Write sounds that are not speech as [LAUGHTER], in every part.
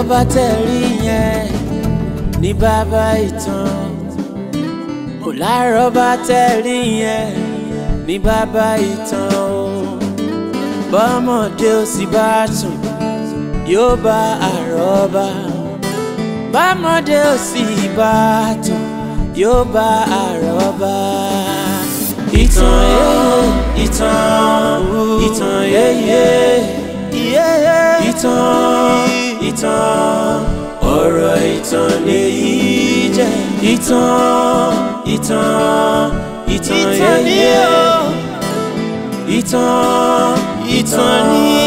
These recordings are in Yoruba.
ọba tẹ̀rí yẹn ní bàbá ìtàn ò láàárọ̀ bá tẹ̀rí yẹn ní bàbá ìtàn o bọ́mọdé ó sì bá tún yóò bá àrọ́bá bọ́mọdé ó sì bá tún yóò bá àrọ́bá. ìtàn yéye ìtàn ìtàn yéye ìtàn ìtàn ọ̀rọ̀ ìtàn lèyí jẹ́ ìtàn ìtàn ìtàn yẹyẹ ìtàn ìtàn ní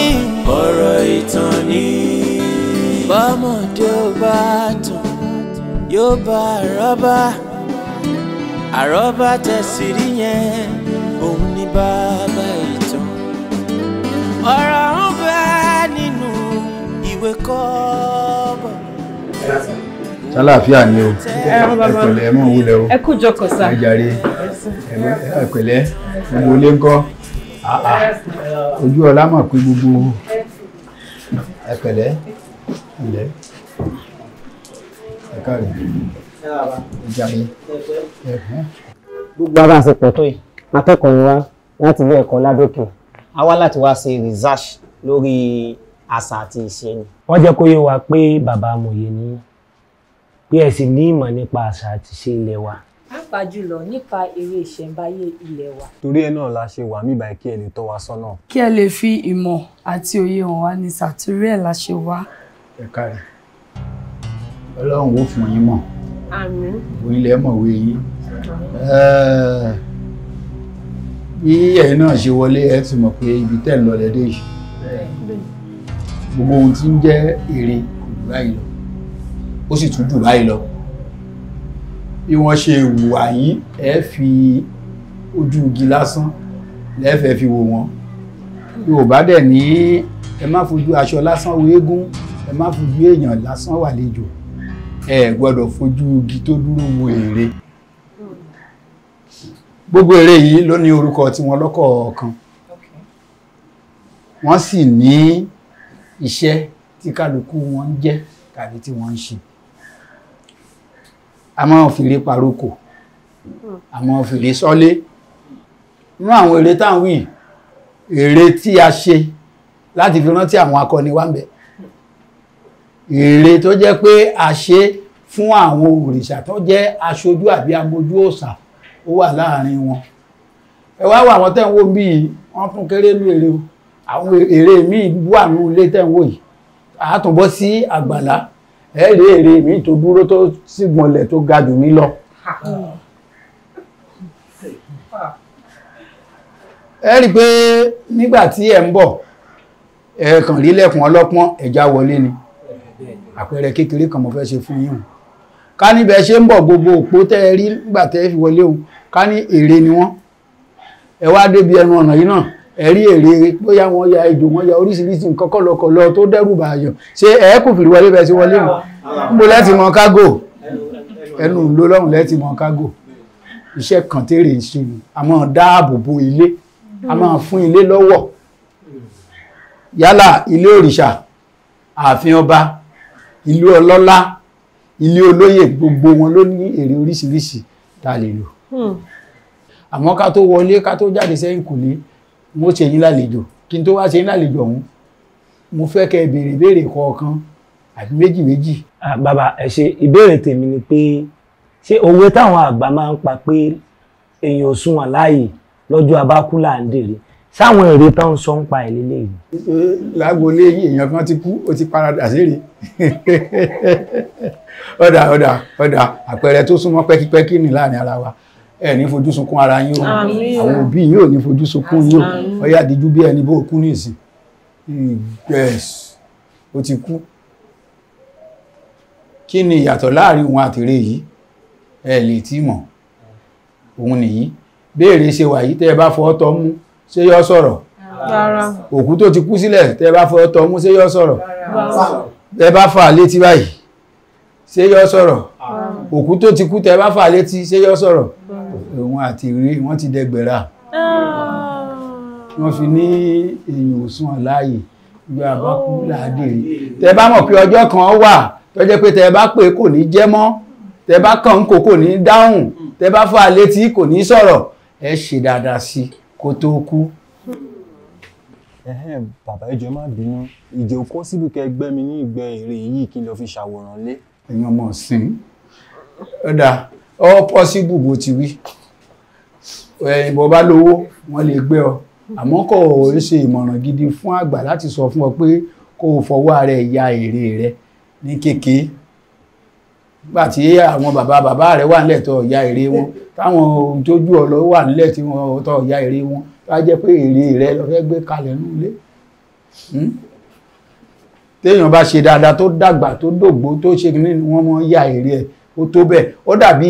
ọ̀rọ̀ ìtàn ní. bọ́mọdé ò bá tàn yóò bá àrọ́bá àrọ́bá tẹ̀sí rí yẹn òun ní bàbá ìtàn. ọ̀rọ̀ àwọn sálàáfíà ni o ẹ̀pẹ̀lẹ́ mọ̀ wúlẹ̀ o ẹ kú jókòó sá ẹ̀jàre ẹ̀pẹ̀lẹ́ gbogbo ilé ń kọ́ ojú ọlá mọ̀ pé gbogbo ẹ̀pẹ̀lẹ́ ẹ̀lẹ́ ẹ̀ka rẹ̀ ẹ̀jàre gbogbo ara àsopọ̀ tó yìí akẹ́kọ̀ọ́ wa láti ilé ẹ̀kọ́ ládòkè a láti wá ṣe research lórí àṣà àti ìṣe ni wọ́n jẹ́ kó yé wa pé bàbá amòye ni pé ẹ sì ní ìmọ̀ nípa àṣà àti ìṣe ilé wa. pàápàá jùlọ nípa eré ìṣẹ̀ǹbáyé ilé wa. torí ẹ náà la ṣe wà níbà kí ẹ lè tọ́ wa sọ́nà. kí ẹ lè fi ìmọ̀ àti òye hàn wá ní sàtúrí ẹ̀ la ṣe wá. ẹ káre ọlọ́run ó fún yín mọ̀ òun ilẹ̀ mọ̀wé yín bí ẹ̀yin náà ṣe wọlé ẹ ti mọ̀ pé ibi tẹ́ ń lọ lẹ́dẹ̀ yìí gbogbo ohun tí ń jẹ́ èrè kò jù báyìí lọ ó sì tún jù báyìí lọ bí wọ́n ṣe wùwà yín ẹ fi ojú igi lásán lẹ́fẹ̀ẹ́ fi wò wọ́n yorùbá dẹ̀ ní ẹ má fojú aṣọ lásán wo eégún ẹ má fojú èèyàn lásán wà lejò ẹ gbọ́dọ̀ fojú igi tó dúró wo èrè gbogbo èrè yìí ló ní orúkọ tiwọn lọ́kọ̀ọ̀kan wọ́n sì ní. Okay iṣẹ́ tí kálukú wọn ń jẹ́ tàbí tí wọ́n ń ṣe a máa fi lè parókò a máa fi lè sọ́lé nínú àwọn eré tá à ń wí eré tí a ṣe láti fi rántí àwọn akọni wa ń bẹ eré tó jẹ́ pé a ṣe fún àwọn òrìṣà tó jẹ́ aṣojú àbí amojú òòṣà ó wà láàrin wọn ẹ wá wà àwọn tẹ́ ń wò bíi wọ́n tún kéré lú eré o àwọn èrè míì wà ní ilé tẹ́wọ́ yìí àtúnbọ́ sí àgbàlá ẹ̀rẹ́ èrè míì tó dúró tó sì gbọ̀nlẹ̀ tó ga jù mí lọ. ẹ rí i pé nígbà tí ẹ ń bọ̀ ẹ kàn rí lẹ́kùn ọlọ́pọ́n ẹ̀já wọlé ni àpẹẹrẹ kékeré kan mo fẹ́ ṣe fún yín o ká níbẹ̀ ṣe ń bọ̀ gbogbo òpó tẹ́ ẹ rí nígbà tẹ́ ẹ fi wọlé o ká ní èrè ni wọ́n ẹ wá débi ẹnu ọ̀nà yìí náà ẹ̀rí èrè bóyá wọ́n ya ejò wọ́n ya oríṣiríṣi nǹkan kọ́lọ́kọ́lọ́ tó dẹ́rù bàyàn ṣé ẹ kò fìrí wọlé bẹ́ẹ̀ sí wọlé mọ́ níbo lẹ́tì mọ kágò ẹnu ló lọ́rùn lẹ́tì mọ kágò iṣẹ́ kan tèrè ń ṣe ni a máa dáàbò bo ilé a máa fún ilé lọ́wọ́ yálà ilé òrìṣà ààfin ọba ilé ọlọ́lá ilé olóyè gbogbo wọn ló ní èrè oríṣiríṣi tá a lè lò hmm. àmọ́ ká tó wọlé ká tó jáde sẹ́yìn kò ní mo ṣe yín lálejò kí n tó wá ṣe yín lálejò ọ̀hún mo fẹ́ kẹ́ ẹ béèrè ìbéèrè kọ̀ọ̀kan àbí méjì méjì. bàbá ẹ ṣe ìbéèrè tèmi ni pé ṣé òwe táwọn àgbà máa ń pa pé èèyàn ò sunwọ̀n láàyè lọ́jọ́ abákú là ń dèrè sáwọn èrè tó ń sọ ń pa ìlélẹ̀ yìí. lágboolé èèyàn kan ti kú ó ti paradà síre ọ̀dà ọ̀dà ọ̀dà àpẹẹrẹ tó súnmọ́ pẹ́kípẹ́kí ní láàrin ara wa ẹ ní fojú sunkún ara yín o àwọn òbí yín ò ní fojú sunkún yín o ọyá àdìjú bí ẹni bó kú nìsín yes ó ti kú kí ni ìyàtọ̀ láàrin òun àtèrè yìí ẹ lè tí mọ̀ òun nìyí béèrè ṣe wà yìí tẹ́ ẹ bá fọ́ tọ́ mú ṣé yọ sọ̀rọ̀ òkú tó ti kú sílẹ̀ tẹ́ ẹ bá fọ́ tọ́ mú ṣé yọ sọ̀rọ̀ ẹ bá fà létí báyìí ṣé yọ sọ̀rọ̀ òkú tó ti kú tẹ́ ẹ bá fà létí ṣé yọ sọ̀rọ̀ òun àti rí wọ́n ti dẹgbẹ̀rà wọ́n fi ní èyàn òsùn ọ̀láyè gbé àbákú láàdìrí tẹ bá mọ̀ pé ọjọ́ kan wà tó jẹ́ pé tẹ bá pè kò ní jẹ́ mọ́ tẹ bá kàn ń kò kò ní dáhùn tẹ bá fọ́ àlétí kò ní sọ̀rọ̀ ẹ ṣe dáadáa sí kó tó kú ẹhẹn bàbá ìjọ má bínú ìjẹ òkó síbi kẹgbẹ́ mi ní ìgbẹ́ èrè yìí kí n lọ fi ṣàwòrán lé. èèyàn mọ̀ sí i ó pọ́sibù bó ti wí ìbọn bá lówó wọ́n lè gbé ọ àmọ́ kò ṣe ìmọ̀ràn gidi fún àgbà láti sọ fún ọ pé kó o fọwọ́ rẹ̀ ya èrè rẹ̀ ní kéke nígbà tí àwọn bàbá bàbá rẹ̀ wà nílẹ̀ tó ya èrè wọn táwọn tójú ọ̀lọ́ wà nílẹ̀ tí wọ́n tó ya èrè wọn tó jẹ́ pé èrè rẹ̀ lọ fẹ́ gbé kalẹ̀ nílé hmm? téèyàn bá ṣe dáadáa tó dàgbà tó dògbó tó ṣe kí wọ́n mọ̀ ya èrè ẹ̀ ó tó bẹ́ẹ̀ ó dàbí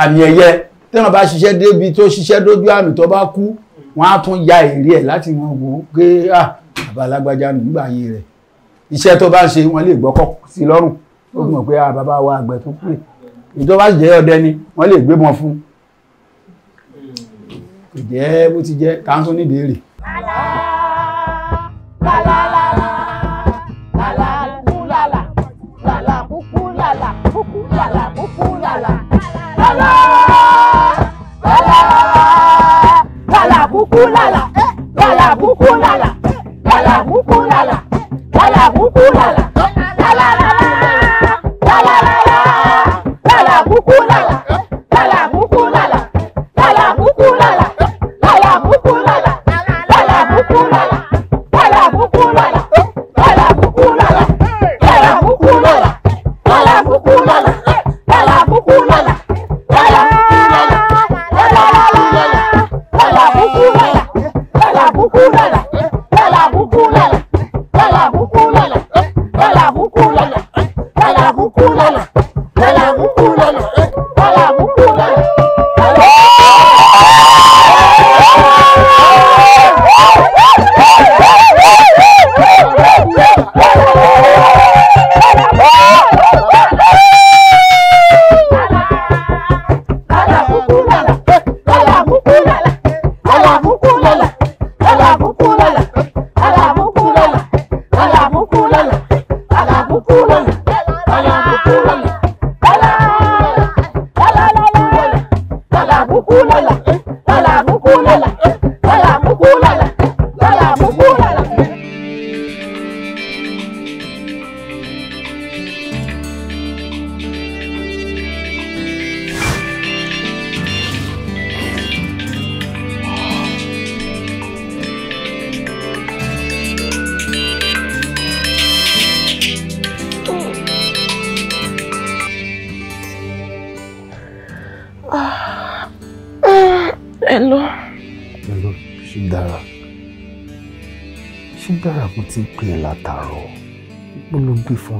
àmì ẹ̀yẹ tẹ́wọ̀n bá ṣiṣẹ́ débi tó ṣiṣẹ́ dójú àmì tó bá kú wọ́n á tún ya èrè ẹ̀ láti wọn wò ó pé à bàbá nígbà yìí rẹ̀ iṣẹ́ tó bá ń ṣe wọ́n lè gbọ́kọ́ sí lọ́rùn ó mọ̀ pé à bàbá wa àgbẹ̀ tó kúrè ìjọba jẹ́ ọdẹ ni wọ́n lè gbé wọn fún kò jẹ́ bó ti jẹ́ káńtó nídìí rè. búkú lálà lálà búkú Come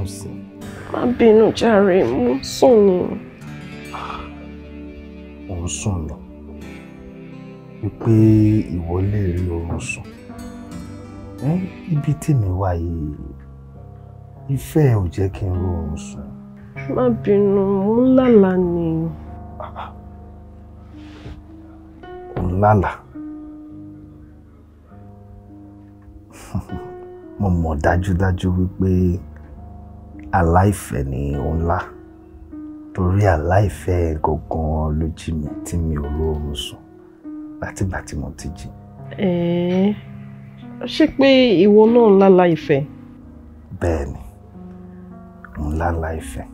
sùn sí. má bínú jàre mo ń sùn ni. ò ń sùn lọ wípé ìwọ lè rí oorun sùn ibi tèmi wà yìí ìfẹ́ ò jẹ́ kí n rọrùn sùn. má bínú mo lálà ni. ò lálà. [LAUGHS] mo mọ̀ dájúdájú wípé. Dájú aláìfẹ́ ni ohun ńlá torí aláìfẹ́ gangan ló jí mi tí mi ò róorun sùn látìgbà tí mo ti jí. ẹ̀ẹ́ ṣé pé ìwọ náà ńlá láìfẹ́. bẹ́ẹ̀ ni mo lálá ìfẹ́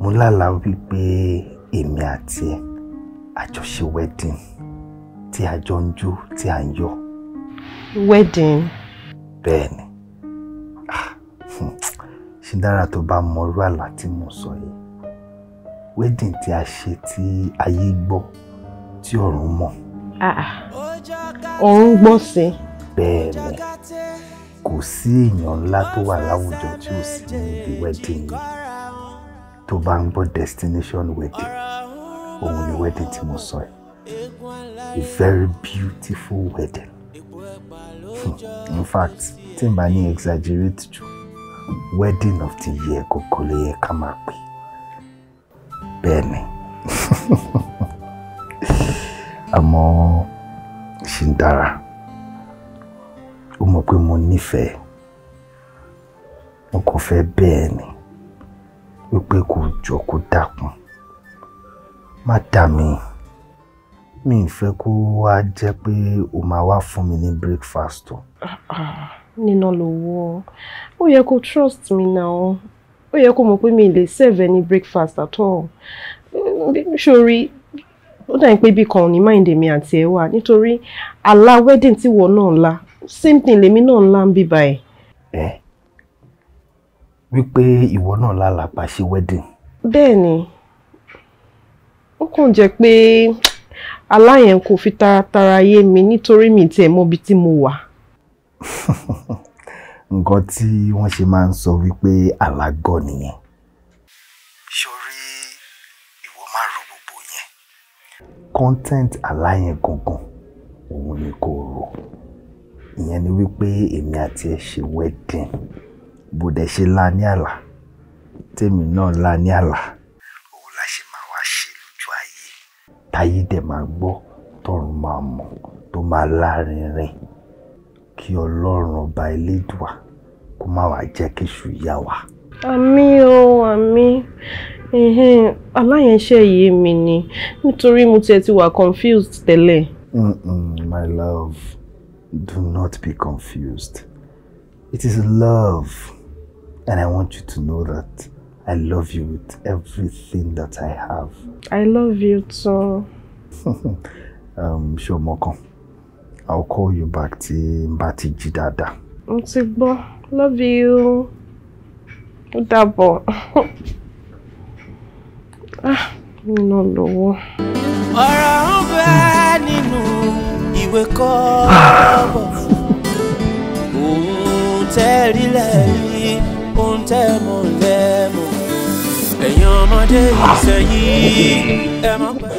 mo lálá wípé èmi àti ẹ àjọṣe wedding tí a jọ ń jó tí a ń yọ. wedding. bẹ́ẹ̀ Ah, hmm ṣe dára tó bá mọ àlá tí mo sọ yìí wedding tí a ṣe tí ayé gbọ́ tí ọ̀run mọ̀. ọ̀run gbọ́ sí. bẹ́ẹ̀ ni kò sí èèyàn ńlá tó wà láwùjọ tí ò sí níbi wedding yìí tó bá ń gbọ́ destination wedding òun ni wedding tí mo sọ yìí a very beautiful wedding hmm. in fact tí n bá ní exaggerate jù wedding of the year kòkó ló yẹ ká máa pè bẹ́ẹ̀ ni [LAUGHS] àmọ́ ṣì ń dára ó mọ̀ pé mo nífẹ̀ẹ́ mo kò fẹ́ bẹ́ẹ̀ ni wípé kò jọ kó dákun má dà mí mi ì fẹ́ kó wá jẹ́ pé o máa wá fún mi ní breakfast o. Uh, uh níná lọ́wọ́ ó yẹ kó trust me now ó yẹ kó mọ̀ pé mi lè serve any breakfast at all mm, sori ó dàbí pé bí kan ò ní mind èmi àti ẹ wà nítorí àlá wedding tí wọ́n náà la same thing lèmi náà ńlá ń bí báyìí. ẹ wípé ìwọ náà lálàá pa ṣe wedding. bẹ́ẹ̀ ni ó kàn jẹ́ pé àlá yẹn kò fi taratara yé mi nítorí mi tiẹ̀ mọ́bi tí mo wà. [LAUGHS] nǹkan tí wọ́n ṣe máa ń sọ wípé alágọ̀ nìyẹn. sórí ìwọ máa ro gbogbo yẹn. content aláyẹn gangan òun ni kò rò ìyẹn ni wípé èmi àti ẹ ṣe wedding bó dẹ̀ ṣe la ní àlà tèmi náà la ní àlà òun la ṣe máa wá ṣe lójú ayé táyé dẹ̀ máa gbọ́ tọ́run máa mọ̀ tó máa lárinrin kí ọlọ́run ọba elédùà kó má wàá jẹ́ kí èṣù yá wa. àmì o àmì aláyẹnṣẹ́ yìí mi ni nítorí mo tiẹ̀ ti wà confused tẹ́lẹ̀. my love do not be confused it is love and I want you to know that I love you with everything that I have. I love you too. [LAUGHS] um, ṣé more. mọ̀ I'll call you back tí n bá ti jí dáadáa. Mo Love you. Ó dàbọ̀. [LAUGHS] Ah, no, ò lówó. Ọ̀rọ̀ ń bẹ nínú ìwé kọ́ọ̀bọ̀. Òun tẹ́ rí lẹ́yìn, òun tẹ́ mọ̀ lẹ́mọ̀. Ẹ̀yin ọmọdé ìsẹ̀yìn, ẹ má pẹ́.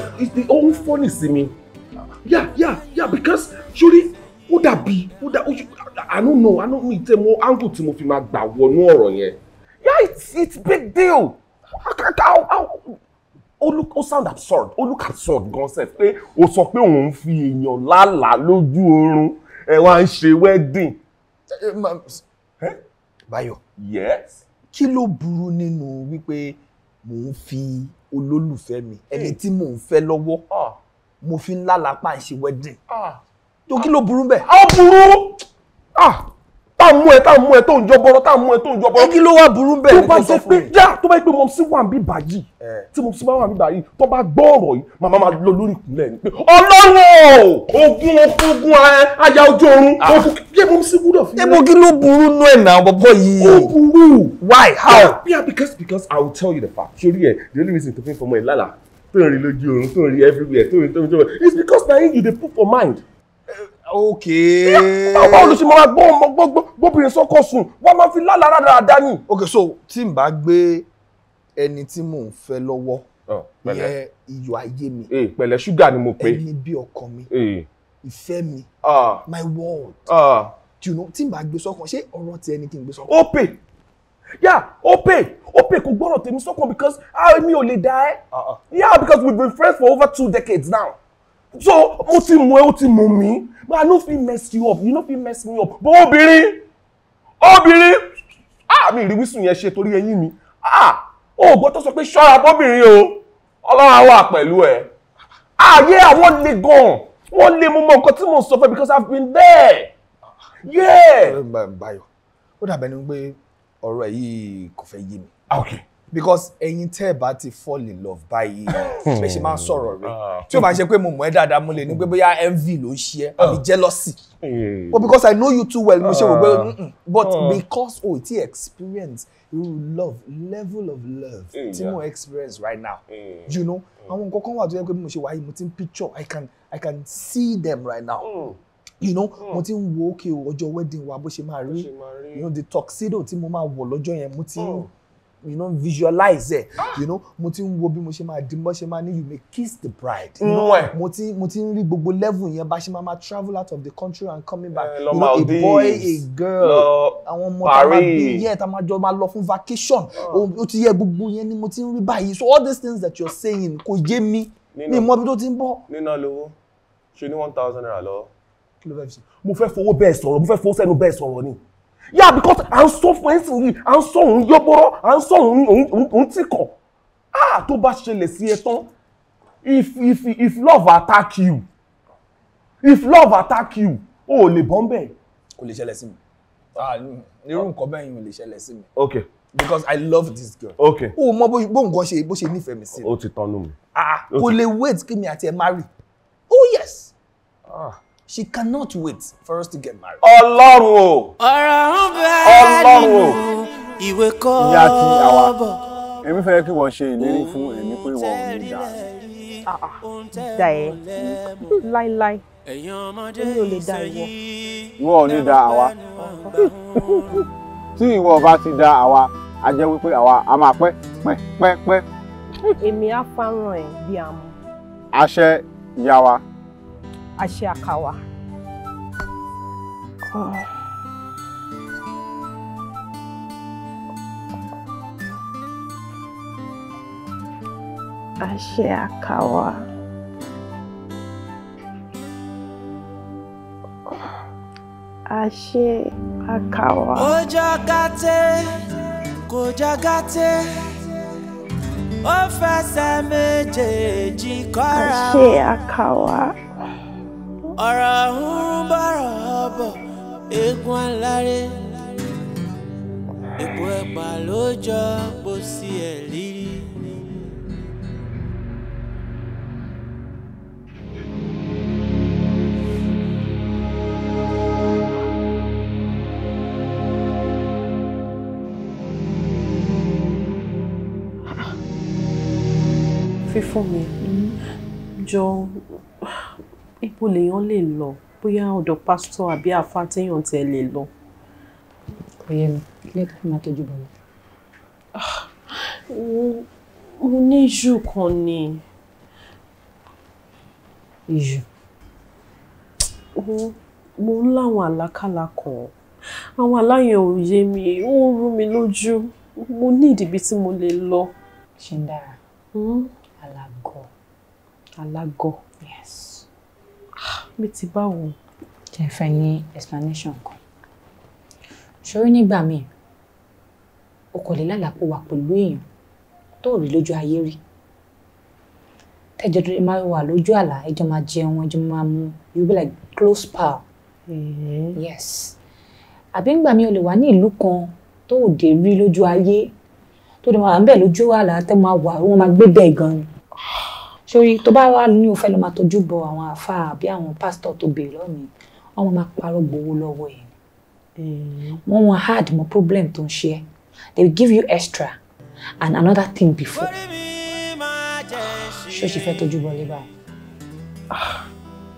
Ó ń fọ́nì sí mi yeah yeah yeah because surely, sori ó dàbí ó dà i don't know i don't know ìtẹ̀ mo angle tí mo fi máa gbà wọnú ọ̀rọ̀ yeah it's it's big deal ó look ó sound absurd ó look absurd gan sef pé ó sọ pé òun fi èèyàn lálàá lójú oorun ẹ wá ń ṣe wedding. Eh, Báyọ̀. yes. kí ló burú nínú wípé mò ń fi olólùfẹ́ mi ẹni tí mò ń fẹ́ lọ́wọ́ ah mo fi ń lálàpá ń ṣe wedding ah. tó kí ló burú bẹ́ẹ̀. ó burú ah, tá a mú ẹ tá a mú ẹ tó ń jọ bọ́rọ̀ tá a mú ẹ tó ń jọ bọ́rọ̀. kí ló wá burú bẹ́ẹ̀ ní kò sọ fún mi. tó bá jẹ́ pé mọ̀ sí wà ń bí bàjì tí mo sì bá wà ń bí bàjì tó bá gbọ́ ọ̀rọ̀ yìí màmá máa lọ lórí ìkúnlẹ̀ ni pé ọlọ́run ogun ogun aya ojú oorun ah. ogun yẹ mo sì gbúdọ̀ fún mi. ebo kí ló burú nú ẹ̀ náà bọ́bọ́ yìí. ó burú. why how. yeah because because i will tell you the fact. ṣorí ẹ the only reason to fi for my lala tó ń rí lójú everywhere tó ń rí tó it's because now you they put for mind. Eh, ok. ọba olùsìmọ̀ wa gbọ́ ọmọ gbọ́ gbóbìnrin sọ́kọ̀ sùn wọ́n máa fi lálára dáadáa ní. ok so tí n bá gbé ẹni tí mò ń fẹ́ lọ́wọ́ ìyẹn oh, iyọ̀ ayé mi. Eh, pẹ̀lẹ́ ṣúgà ni mo pè. ẹni bí ọkàn mi eh. ìfẹ́ mi ah. my world. Ah. do you know team n bá gbé sọ́kàn ṣé ọ̀rọ̀ ti ẹni kí n gbé yeah ó pè ó pè kò gbọ́rọ̀ tèmi sọ́kàn because ah mi ò lè da ẹ́ yeah ah. because we been friends for over two decades now so mo ti mú ẹ ó ti mú mi but i no fit mess you up you no fit mess me up but obìnrin obìnrin ah mi ìrí wísùn yẹn ṣe torí ẹyin mi ah o ò gbọ́ tó sọ pé ṣọ́ra bọ́bìnrin o ọlọ́run wà pẹ̀lú ẹ ààyè ah, àwọn le gan wọ́n lè mú mọ nǹkan tí mò ń sọ fẹ́ because i've been there ah, yeah. báyọ̀ ó dàbẹ̀ ni pé ọ̀rọ̀ yìí kò fẹ́ yé mi. Ah, okay because ẹ̀yin tẹ́ ẹ bá ti fall in love báyìí hmm. bẹ ṣe máa ń sọ̀rọ̀ rẹ ah. tí o bá ṣe pé mo mọ̀ ẹ́ dáadáa mo lè ní pé bóyá envy ló ń ṣe ẹ́ ah. àbí jealousy hmm. but because i know you too well mo ṣe wò pé but because o ti experience irú love level of love hmm, tí mo experience right now you know àwọn nǹkan kan wà tó yẹ pé mo ṣe wáyé mo ti ń picture i can i can see them right now you know hmm. mo ti ń wo okay ọjọ́ wedding wa bó ṣe máa rí you know the tuxedo tí mo máa wọ̀ lọ́jọ́ yẹn mo ti ń hmm. you know visualize ẹ ah. you know mo ti ń wo bí mo ṣe máa di mo ṣe máa ní you may kiss the bride. You know, mm. mo ti mo ti ń rí gbogbo level yẹn bá ṣe máa ma travel out of the country and coming back. Eh, you know a boy a girl àwọn ọmọ tá a máa bí yẹ tá a jọ máa lọ fún vacation ah. o oh, ti yẹ gbogbo yẹn ni mo ti ń rí báyìí so all these things that you're saying kò yé mi Ni mọ ibi tó ti ń bọ̀. nínà lówó ṣe ní one thousand naira lọ mo fẹ́ fowó bẹ́ẹ̀ sọ̀rọ̀ mo fẹ́ fowó sẹ́nu bẹ́ẹ̀ sọ̀rọ̀ ni yà because à ń sọ fún ẹ̀sìn yìí à ń sọ òun yọ́bọ́rọ́ à ń sọ òun tìkọ̀ ah tó bá ṣẹlẹ̀ sí ẹ tán if if if love attack you if love attack you o ò lè bọ́n bẹ́ẹ̀. kò lè ṣẹlẹ̀ sí mi ah, irú nǹkan bẹ́ẹ̀ yìí ò lè ṣẹlẹ̀ sí mi. okay because i love this girl. okay o mọ bó nǹkan ṣe bó ṣe nífẹ̀ẹ́ mi sí. o ti tọ́nu mi. ah kò lè wait kí mi àti ẹ marry oh yes. Ah she cannot wait for us to get married. ọlọ́run o ọlọ́run o ìwé kọ́ bọ̀. ìyá ti àwa èmi fẹ́ kí wọ́n ṣe ìlérí fún èmi pé wọ́n ò ní dà. Ah, ah. dà ẹ́ láíláí èmi ò lè dà ìwọ. ìwọ ò ní dà àwa tí ìwọ bá ti dà àwa a jẹ́ wípé àwa a máa pẹ́ pẹ́ pẹ́ pẹ́. èmi á fáràn ẹ̀ bí a mọ̀. àṣẹ ìyá wa a oh, àkàwà. a ṣe àkàwà. a ṣe àkàwà. ó jọ oh, kò jọ gàtẹ́ ó fẹsẹ̀ méjèèjì kọ́ra. a ṣe àkàwà ọ̀rọ̀ ń bọ̀rọ̀ bọ̀ eégún aláré èpo ẹ̀pà ló bó sí ẹ̀ lírí. fífún mi mm-hmm. jọ ibo lèèyàn lè lọ bóyá ọ̀dọ̀ pásítọ̀ àbí àfa téèyàn tẹ lè lọ. ọ̀yẹ́ mi kílẹ̀ tó fi máa tọ́jú bọ̀ lọ. Ah, mo ní iṣu kan ni. iṣu. mo ń láwọn àlákàlà kan àwọn aláyẹn ò yé mi ó ń rú mi lójú mo ní ìdìbí tí mo lè lọ. ṣe ń dára hmm? alágọ̀ alágọ̀ bí ti báwo. jẹ́ fẹ́ ní explanation kan ṣorí nígbà míì o kò lè lálàpọ̀ wà pẹ̀lú èèyàn tó rí lójú ayé rí tẹ́jọ́ tó máa wà lójú àlá ẹjọ́ máa jẹun ẹjọ́ máa mu you be like close pal. Mm-hmm. yes àbí ńgbà míì o lè wà ní ìlú kan tó ò dé rí lójú ayé tó dé máa wà ń bẹ̀ lójú àlá tẹ́ máa wà wọ́n máa gbé bẹ́ẹ̀ gan-an sórí tó bá wà ní o fẹ́ lọ máa tọ́jú bọ àwọn àáfàá àbí àwọn pásítọ̀ tó béèrè lọ́mìí wọ́n máa parọ́ gbowó lọ́wọ́ ẹ̀ mm. wọ́n wọn hard mọ problem tó ń ṣe ẹ́ they will give you extra and another thing before ṣé o ṣe fẹ́ tọ́jú bọ lé báyìí. Ah,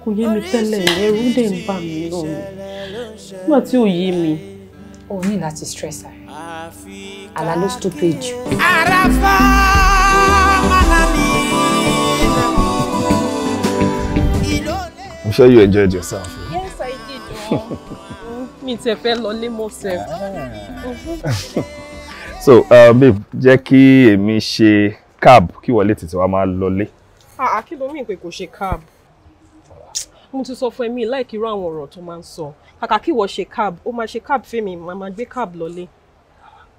kò yé mi tẹ́lẹ̀ ẹ̀rù dẹ̀ ń bà mí lọ́rùn nígbà tí ò yé mi. o ní láti stress ara àlá ló stupid jù. àràfà máa ń mi. sure you enjoyed yourself. Yes, I did. Oh. Me ti fẹ́ lọ myself. [LAUGHS] So, uh, babe, Jackie, kí èmi ṣe cab kí wọlé tètè wá máa lọlé. Ah, ah, kí ló mí pé kò ṣe cab? Mo ti sọ fún ẹ̀mí láìkí irú àwọn ọ̀rọ̀ tó máa ń sọ. Kàkà kí wọ́n cab, ó máa ṣe cab fẹ́mi, màá máa gbé cab lọlé.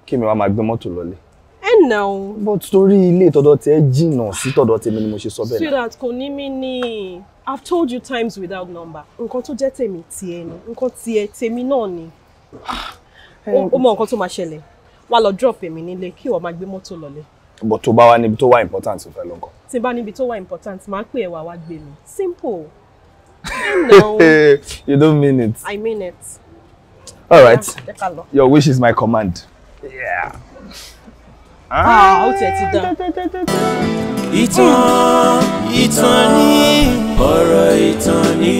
Kí mi wá máa gbé mọ́tò lọlé? ẹ nà o. but torí ilé tọ̀dọ̀ tí ẹ jìnnà sí tọ̀dọ̀ tèmi ni mo ṣe sọ bẹ́ẹ̀. sweetheart kò ní mí ní I've told you times without number. Nǹkan tó jẹ́ tèmi tiẹ̀ ni. Nǹkan tiẹ̀ tèmi náà ni. Ah, eh, ó mọ nǹkan tó máa ṣẹlẹ̀. Wá lọ drop èmi nílé kí wọ́n máa gbé mọ́tò lọlé. But tó bá wá níbi tó wá important ó fẹ́ lọ nǹkan. Tí n bá níbi tó important, màá pè ẹ̀ wá wá gbé mi. Simple. No. [LAUGHS] you don't mean it. I mean it. All right. Ah, Your wish is my command. Yeah. Ah. Ah, ó tiẹ̀ ti dán. ìtàn ìtàn ni ọ̀rọ̀ ìtàn ni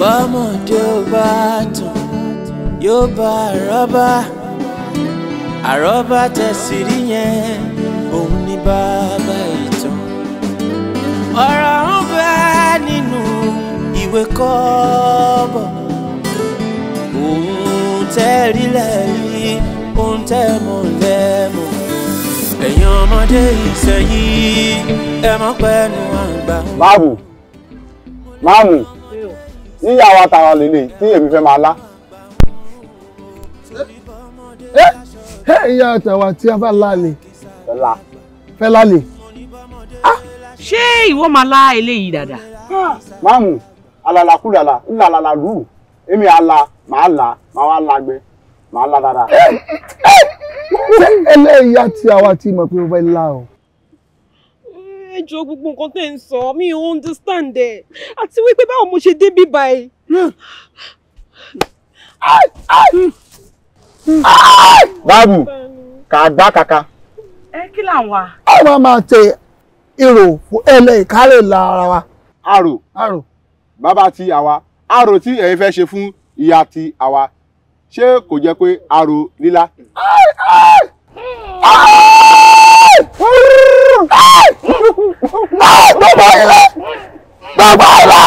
bọ́mọdé ò bá tàn yóò bá àrọ́bá àrọ́bá tẹ̀sí rí yẹn òun ni bàbá ìtàn ọ̀rọ̀ ń bẹ ẹ̀yin ọmọdé ìsẹ̀yìn ẹ mọ̀ pẹ́ẹ́nu àgbà. máàmù máàmù níyàwó àtàrà lèlè tí èmi fẹ́ máa lá. ẹ ìyá àtàwà tí a bá láàlè. fẹ́lá. fẹ́lá lè. Ah! ṣé ìwọ máa la eléyìí dáadáa. Ah! máàmù alalakúlala ńlalala lù èmi àlà màá là màá wá lágbẹ màá là dáadáa. Eh, eh, eh, ẹlẹ́yà tí àwa ti mọ̀ pé ó fẹ́ là ọ́. ẹ jọ gbogbo nǹkan tẹ́ ń sọ mi ò understand ẹ àti wípé báwo mo ṣe débi báyìí. báàbù kà á gbá kaka. ẹ kí là ń wá. àwa máa tẹ èrò ẹlẹ́ ìkárè lára wa. àrò àrò bàbá ti àwa àrò tí ẹ̀yin fẹ́ ṣe fún ìyá ti àwa ṣé kò jẹ́ pé aro lílá. bàbá ìlà bàbá ìlà.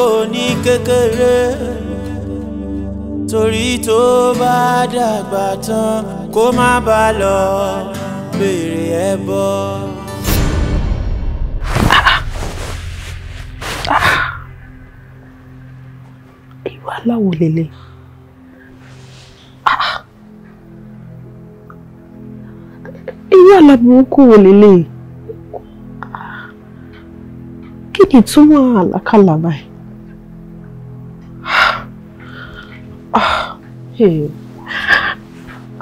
kò ní kékeré torí tó bá dàgbà tán kó má bàa lọ béèrè ẹbọ. ìwà aláwo lélẹ̀ irú aláburúkú wo lélẹ̀ kí ni túmọ̀ àlákàlà báyìí. Ah, hey.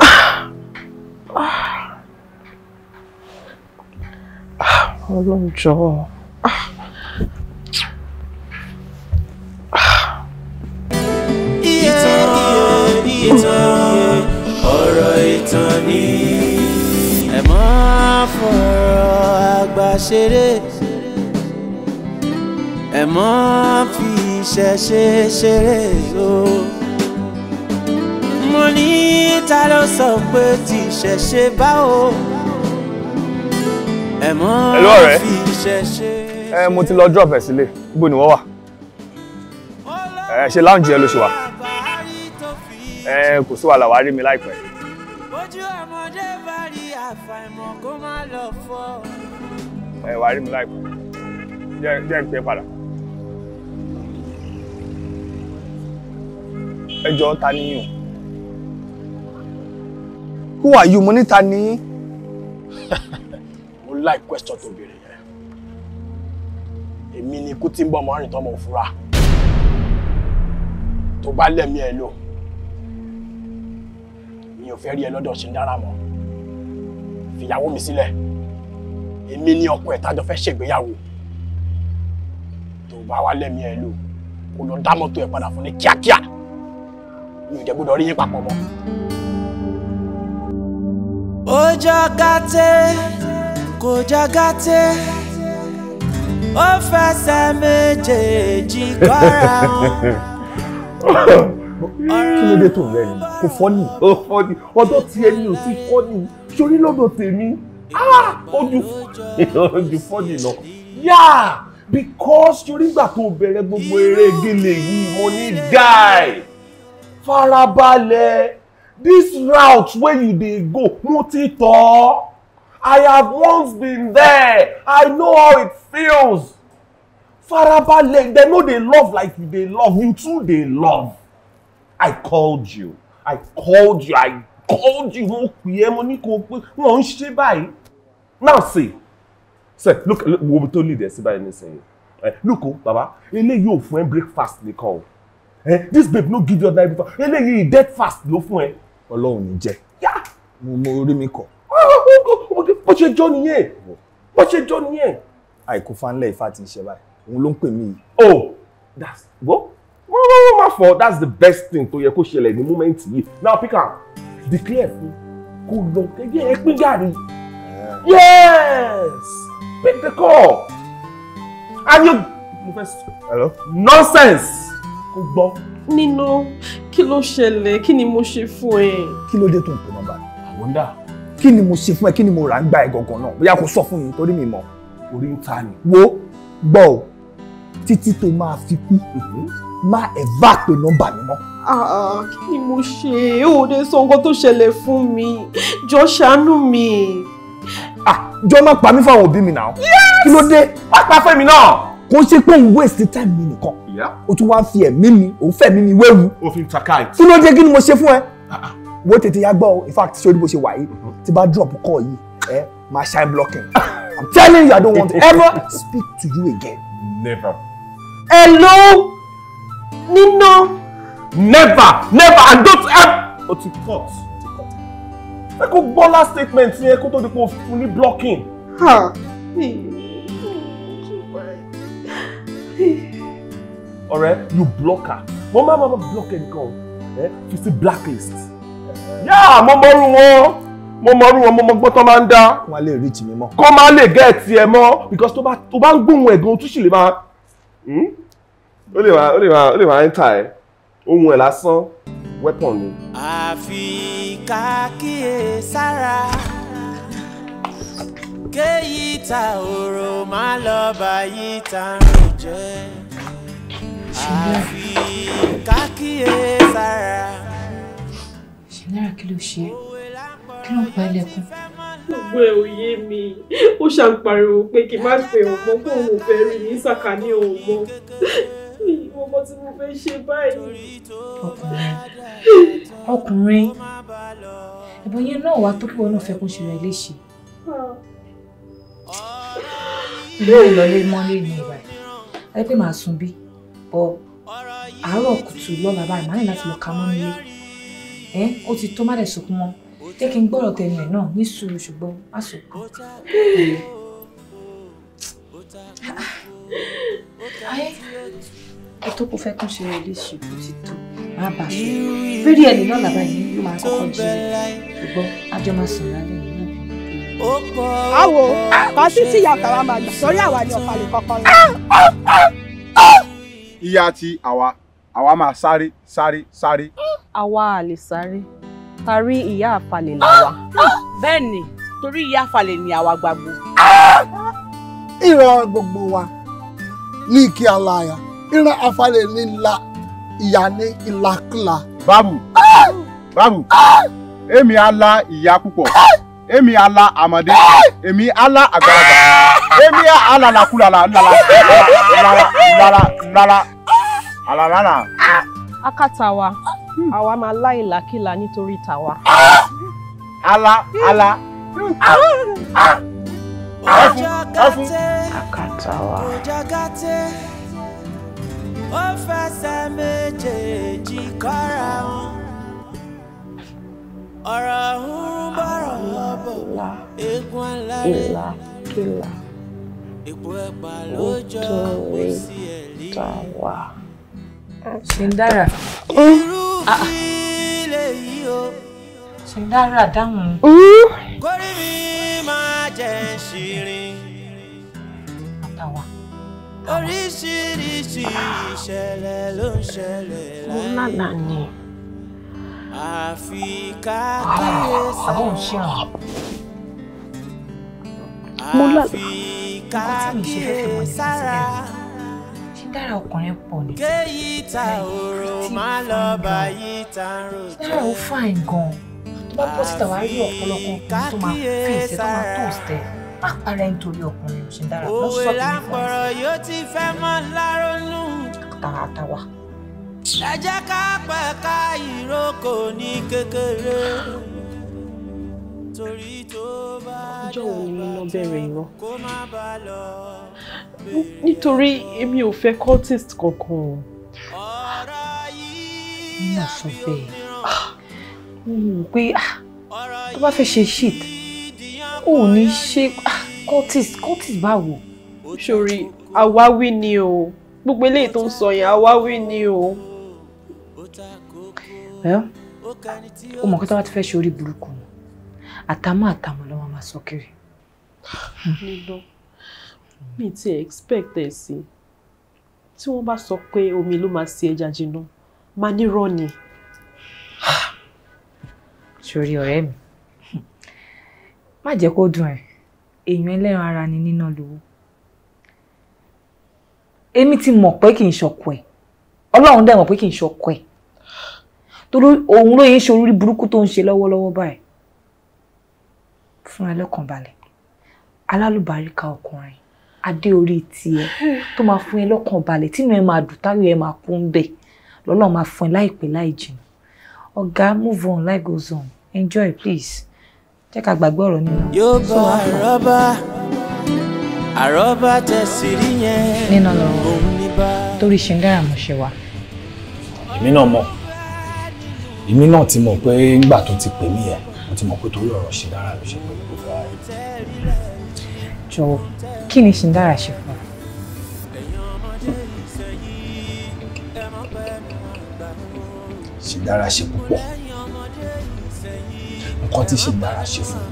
Ah, ah. Ah, Ọlọ́run jọ̀ọ́. Ah. ìtàn ọ̀rọ̀ ìtàn ni. ẹ má fọ̀rọ̀ àgbà ṣeré ẹ má fi ìṣẹ̀ṣe ṣeré o mo ní ta ló sọ pé ti ṣẹ̀ṣẹ̀ báwo ẹ̀ mọ́ fi ṣẹ̀ṣẹ̀. ẹ mo ti lọ drop ẹ sílé ibo ni wọ́n wà ẹ ṣe lounge yẹn ló ṣe wà ẹ kò sí wàhálà wàá rí mi láìpẹ́. ojú ọmọdé bá rí àfàìmọ̀ kó má lọ fọ́. ẹ wàá rí mi láìpẹ́ jẹ́ ń pè padà. ẹ jọ ta níyàn who are you mo níta ní. mo like question to be yẹn èmi ni ikú tí ń bọ́ ọmọ rìn tọ́mọ òfura tó bá lẹ́mí ẹ lò mi ò fẹ́ rí ẹ lọ́dọ̀ ṣe ń dára mọ́ fìyàwó mi sílẹ̀ èmi ni ọkọ ẹ̀ tájọ fẹ́ ṣègbéyàwó tó bá wá lẹ́mí ẹ lò kó lọ dá mọ́tò ẹ̀ padà fún ní kíákíá mi ò jẹ́ gbọ́dọ̀ rí yín papọ̀ mọ́ ó jọ ko kò jọ gàtẹ́ ó fẹsẹ̀ méjèèjì kọ́ra wọn. kí ló dé tó rẹ̀ yìí kò fọ́nì. ó fọ́nì ọdọ́ tí ẹni ò ti fọ́nì sórí lọ́dọ̀ tèmi ojú ojú fọ́nì lọ yáà because torí ìgbà tó bẹ̀rẹ̀ gbogbo eré gèlè yìí mo ní guy farabalẹ̀ this route wey you dey go mo ti tọ̀ i have once been there i know how it feels farabalẹ̀ dem no dey love like you dey love you too dey love i called you i called you i called you mo pè é mo ní kó pé wọn ń ṣe báyìí now see sir look wo tó lead ẹ sí báyìí nísìnyí eh, look o baba eléyìí ò fún ẹ breakfast nìkan o eh, this babe no give you ordinary breakfast eléyìí dead fast ló fún ẹ ọlọ́run ní jẹ́ mo rí mi kọ̀. Ah, ah, ah, bó ṣe jọ nìyẹn bó ṣe jọ nìyẹn. àìkú fanlẹ̀ ifá ti ń ṣe báyìí òun ló ń pè mí oh that's wo wọ́n wọ́n wọ́n máa fọ that's the best thing tó yẹ kó ṣẹlẹ̀ ní moment yìí now pick am declare fún kó lọ kẹjẹ ẹ pín gàrí yes pick the call and you. hello nonsense ó gbọ́. nínú kí ló ṣẹlẹ̀ kí ni mo ṣe fún ẹ. kí ló dé tó ń pè nọ́mbà mi. àwọ̀ndà. kí ni mo ṣe fún ẹ kí ni mo rà ń gba ẹ gangan náà bóyá kò sọ fún mi torí mi mọ̀ orí ń ta ni. wo gbọ́ o títí tó máa fi kú mm-hmm. má ẹ̀ bá pè nọ́mbà mi mọ́. Ah, kí ni mo ṣe ó dé sọ nǹkan tó ṣẹlẹ̀ fún mi jọ ṣàánú mi. Ah, jọ máa pa mí fáwọn òbí mi náà kí ló dé wàá pa fẹ́mi náà kò ń ṣe pé òun waste time mi nìkan o tún wá fi ẹ̀mí mi òun fẹ́ mi mi wéwu. o fi takait. kí ló dé kí ni mo ṣe fún ẹ. Ah, ah. wo tètè ya gbọ́ in fact ṣé o ní bó ṣe wà yìí mm-hmm. tí bá drop call yìí ẹ máa shine blocking i'm telling you i don't want to ever speak to you again. never. hello nina. never never and don't ever. o ti cut. ẹ kò gbọ́ last statement yẹn kó tó di pé o fún ní blocking. Huh. Hey ọ̀rẹ́ mm. you block her mo máa máa block ẹnìkan o fi sí blacklist yáà mo mọrú wọn mo mọrú wọn mo mọ gbọ́tọ́ máa ń dá kó má lè reach mi mọ́ kó má lè gẹ̀ẹ́tì ẹ mọ́ because tó bá tó bá ń gbóhùn ẹ̀gbọ́n tún sì lè máa hmm? ó lè máa ó lè máa ó lè máa ń ta ẹ ohun ẹ̀ lásán weapon ni. àfi ká sára kéyìí ta òrò má lọ bá yìí ta rò jẹ́ àfi kákíyèsára. ṣẹlẹ́ra kí ló ṣe kí ló ń pa ilẹ̀kùn. gbogbo ẹ̀ ò yé mi ó ṣàǹpariwo pé kí n má pè ọ́ mọ́ kó òun ò fẹ́ rí ní sàkání òun mọ́ mi ìwọ ọmọ tí mo fẹ́ ṣe báyìí. ọkùnrin ìbọn yẹn náà wá tó kí wọn náà fẹ́ kún ṣe rẹ̀ léṣe. ìlú ah. ìlọlé mọ́lé ni ìbàdàn ẹ pé màá sun bí bọ́ àárọ̀ kùtù lọ́la báyìí màá ní láti lọ ka mọ́ nílé ẹ ó ti tó má dẹ̀ sunkún mọ́ jẹ́ kí n gbọ́rọ̀ tẹnu ẹ̀ náà ní sùúrù ṣùgbọ́n má sunkún. ayé ẹ tó kó fẹ́ kún ṣe ilé ṣubú ti tó má bà á ṣe fẹ́rí nínú ọ̀làbà yìí ló máa kọ́kọ́ jẹ ṣùgbọ́n ajọ́ máa sùn lálẹ́ yìí náà. àwo pàṣẹ tí ìyá ọ̀tàwá máa gbà sórí àwa ni ọ̀pá lè kọ́kọ́ lọ. Ah, ah, ah ìyá ti àwa àwa máa sáré sáré sáré. àwa à lè sáré parí ìyá àfàlẹ̀ làwa. bẹ́ẹ̀ ni torí ìyá àfàlẹ̀ ni àwa gbàgbọ́. ìran gbogbo wa ní kí aláya ìran àfàlẹ̀ ní ńlá ìyá ní ìlàkìlà. báàmù báàmù èmi á la ìyá púpọ̀ èmi á la àmọ̀dé èmi á la àgbàlagbà èmi á la làkúlà làlà làlà rárá rárá àlà rárá. akátá wa hmm. àwa máa láì làkìlà nítorí tàwa. ala ala. ẹfun ẹfun. ó fẹsẹ̀ méjèèjì kọ́ra wọn ọ̀rọ̀ ọ̀hún bọ̀rọ̀ lọ́bọ̀ eégún alárẹ̀. ìlàkìlà nítorí tàwa. Sindara. Sindara dáhùn. Kórí mi máa jẹ́ ṣìrìn. Àtàwà oríṣiríṣi ìṣẹ̀lẹ̀ ló ń ṣẹlẹ̀ láyé. àfi ká kíyèsára mo lálẹ́ nǹkan tí mi ṣe fẹ́ fún ẹ̀sìn sílẹ̀ ṣé dára ọkùnrin pọ̀ ni dára ó fàìn gan tó bá bọ́ síta wàá rí ọ̀pọ̀lọpọ̀ ọkùnrin tó máa fi ìṣe tó máa tó ṣẹ̀ má para ẹni torí ọkùnrin ṣe dára lọ sọ kí n fọ ẹsẹ̀ tààtàwà. ẹ jẹ́ ká pẹ̀ka ìrókò ní kékeré torí tó bá dàgbà kó má bàa lọ bèrè. nítorí èmi ò fẹ́ cultist kankan o mo sọ bẹ́ẹ̀ ah, mo mọ̀ pé ah, tó bá fẹ́ ṣe shit ò ní ṣe ah, cultist cultist báwo. sori àwáwí ni o gbogbo eléyìí tó ń sọ yẹn àwáwí ni o. ó mọ̀ kí tó bá ti fẹ́ ṣe orí burúkú àtàmọ́ àtàmọ́ ló máa sọ kiri. lílọ mi ti expect ẹ sí tí wọ́n bá sọ pé omi ló máa ṣe ẹja jinná máa nírọ́ ni. sori ọ̀rẹ́ mi má jẹ́ kó dùn ẹ́ èèyàn ẹlẹ́ran ara ni nínà lówó èmi ti mọ̀ pé kì í ṣọkọ ẹ̀ ọlọ́run dẹ̀ mọ̀ pé kì í ṣọkọ ẹ̀ torí òun ló yẹ ń ṣe orí burúkú tó ń ṣe lọ́wọ́lọ́wọ́ báyìí fúnra lọ́kàn balẹ̀ alálùbáríkà ọkùnrin adé orí tiẹ̀ tó máa fún ẹ lọ́kàn tínú ẹ máa dùn táyọ̀ ẹ máa kú ń bẹ̀ lọ́lọ́run máa fún ẹ láìpẹ́ láì jìnnà ọ̀gá move on life goes on enjoy please jẹ́ ká gbàgbé ọ̀rọ̀ nínú. yóò bọ àrọ́bá àrọ́bá tẹ̀sí rí yẹn. nínú lọ́rọ̀ torí ṣe mo ṣe wà. èmi náà mọ̀ èmi náà ti mọ̀ pé ńgbà tó ti pè mí yẹn mo ti mọ̀ pé torí ọ̀rọ̀ ṣìndára ló ṣe pẹ̀lú gbogbo ara rẹ̀. jọ̀wọ́ kí ni ṣìndára ṣe fún ọ. ṣìndára ṣe púpọ̀ nǹkan tí ṣìndára ṣe fún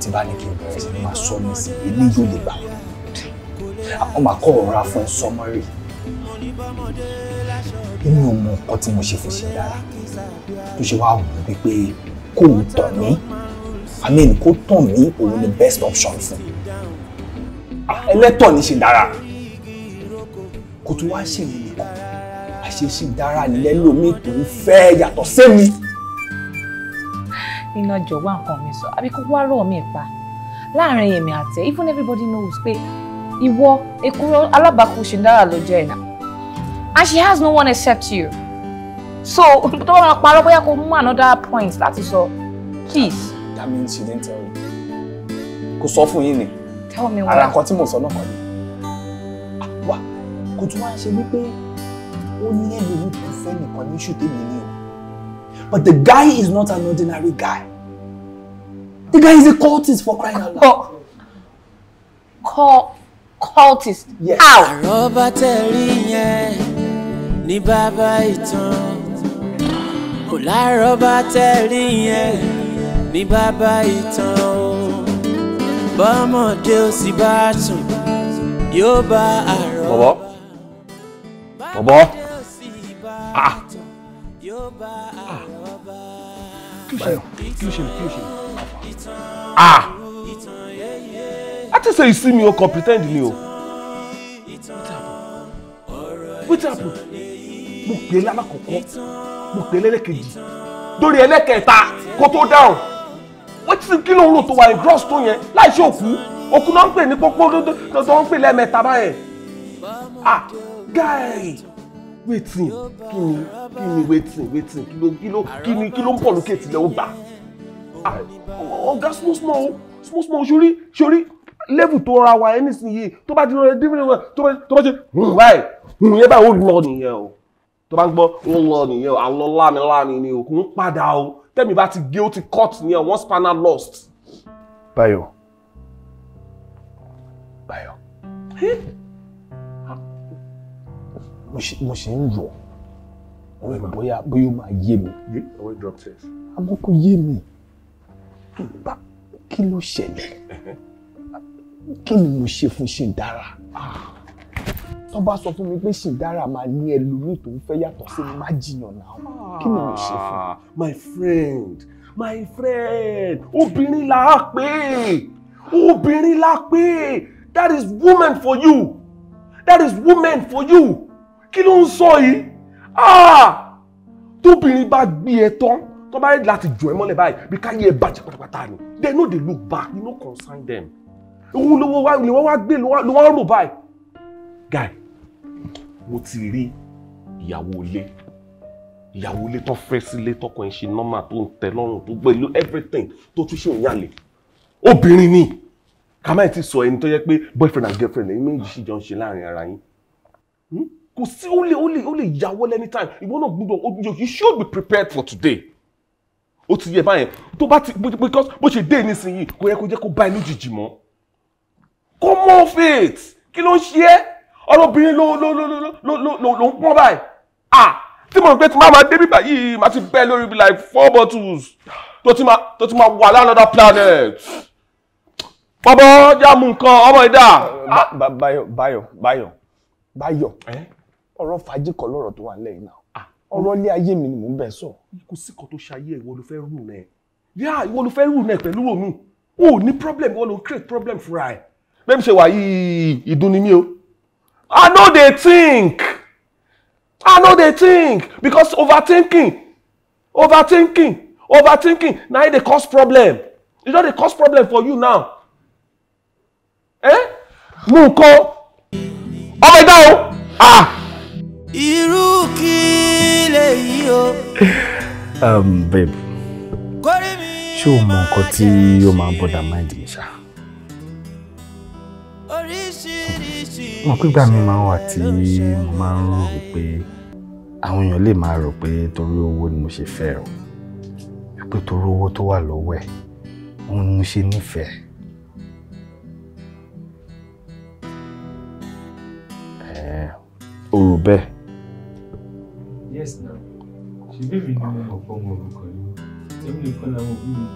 tí bá ní kí n bẹ̀rẹ̀ sí ni máa sọ mí sí ilé yóò lè gbà àwọn máa kọ́ ọ̀rá fún sọmọ́rì inú ọmọ nǹkan tí mo ṣe fún ṣìndára tó ṣe wá wù mí pé kò tọ̀ mí i mean kó tọ̀ mí òun ni best option fún ah, ẹlẹ́tọ̀ ní ṣe dára kò tún wá ṣe èyí nìkan àṣeṣe dára lẹ́lòmíì tó ń fẹ́ yàtọ̀ sẹ́mi. iná jọ̀wọ́ nǹkan mi sọ àbí kó wá rọ̀ mí pa láàrin èmi àtẹ even everybody knows pé ìwọ èkúrò alábàákú ṣe dára ló jẹ́ ìnà and she has no one except you so tó bá máa parọ́ bóyá kó mú another point láti sọ please. that means she didn't tell you kò sọ fún yín ni tell me why ara nǹkan tí mo sọ náà kàn ní wà kò tún wá ṣe wípé ó ní ẹlòmíì tó fẹ́ nìkan ní ṣùtẹ́ mi ni o but the guy is not an ordinary guy the guy is a cultist for crying out loud. Call, cultist. Yes. How? Àrọ́bá yẹn ní bàbá ìtàn kò láàárọ̀ bá tẹ̀lé yẹn ní bàbá ìtàn o bọ́mọdé ó sì bá tún yóò bá àrọ̀ ah. bá bọ́bọ́ ah ah kí ló ṣe kí ló ṣe kí ló ah. ṣe ah àti say you see me o pretend ni what happen what happen mo pè é lálákọ̀ọ́kọ́ pòpé lẹ́lẹ́kejì lórí ẹlẹ́kẹta kó tó dáhùn wọ́n ti kí ló ń rò tó wà ní gross tó yẹn láì ṣe òkú òkú náà ń pè ní pópó tó ń pè lẹ́ẹ̀mẹ́ta báyẹn ah guy wetin kí ni kí ni wetin wetin kí ló kí ló kí ni kí ló ń pọ̀ lókè tilẹ̀ ó gbà ah ọ̀gá small small small small sori sori level tó ra wa ẹni sìn yìí tó bá ti rọra different one tó bá ṣe hùn báyìí hùn yẹn báyìí ó lọ nìyẹn o tó bá ń gbọ́ ó ń lọ nìyẹn àlọ́ lániláni ni òkú ń padà o tẹ́mi bá ti gé ó ti cut nìyẹn one spanner lost. Bayo, bayo. mo ṣe ń rọ̀ ọ̀rẹ́ mi bóyá bóyá ó máa yé mi. drop test. àmọ́ kò yé mi bá kí ló ṣẹlẹ̀ kí ni mo ṣe fún ṣe dára. Ah tó bá sọ fún mi pé ṣìndára máa ní ẹlòmíì tó ń fẹ́ yàtọ̀ sí mi má jiyàn náà kí ni mo ṣe fún un. Ah, my friend my friend obìnrin là á pè obìnrin là á pè that is woman for you that is woman for you kí ló ń sọ yìí ah, tóbìnrin bá gbé ẹ tán tó bá rí láti jù ẹ mọ́lẹ̀ báyìí bí káyé ẹ bàjẹ́ pátápátá ni they no dey look back you no concern them òun lówó wá lè wọ́n wá gbé ló wá rò báyìí guy mo ti rí ìyàwó ilé ìyàwó ilé tó fẹ́ sílé tọkọ ẹ̀ ṣe nọ́mà tó ń tẹ lọ́rùn tó pẹ̀lú everything tó tún ṣe òun yàlẹ̀ obìnrin ni kàmáì ti sọ ẹni tó yẹ pé boyfriend and girlfriend ẹ̀yin méjì sì jọ ń ṣe láàrin ara yín hmm? kò sí ó lè ó lè ó lè yàwó anytime ìwọ náà gbúdọ̀ you should be prepared for today ó ti yẹ báyẹn tó bá ti because bó ṣe dé nísìnyí kò yẹ kó jẹ́ kó bá ẹ lójijì mọ́ come off it kí ló ń ṣe é ọlọ́bìnrin ló ló ló ló ló ló ló ń pọ́n báyìí ah tí mo rò pé tí máa máa débí báyìí máa ti bẹ́ẹ̀ lórí bí like four bottles tó ti máa tó ti máa wà lánàá planet bọ́bọ́ já mu nǹkan ọmọ ìdá. Báyọ̀ Báyọ̀ Báyọ̀ Báyọ̀ ọ̀rọ̀ fàájì kọ́ lọ́rọ̀ tó wà lẹ́yìn náà ọ̀rọ̀ ilé ayé mi ni mò ń bẹ̀ sọ. kò sí kan tó ṣayé ìwọ ló fẹ́ rù rẹ̀ yá ìwọ ló fẹ́ rù rẹ̀ pẹ̀lú òun o ní problem ìwọ ló create problem fúnra ẹ̀. bẹ́ẹ̀ mi ṣe wà yìí ìdun ni mí o i know they think i know they think because overthinking overthinking overthinking now they cause problem You know they cause problem for you now eh Muko. nǹkan ọmọ ẹgbẹ́ ah. [SIGHS] Um, babe Show o mọ nǹkan tí ó máa ń bọ́dà mind mi ṣáá. mo pígbà mi máa ń wà tí mo máa ń rò pé àwọn èèyàn lè máa rò pé torí owó ni mo ṣe fẹ́ o pé torí owó tó wà lọ́wọ́ ẹ̀ òun ni mo ṣe nífẹ̀ẹ́. Òrò bẹ́ẹ̀. Yes na, ṣèbí mi ni mo mọ̀ pé mo rò kàn yín, èmi nìkan làwọn òbí mi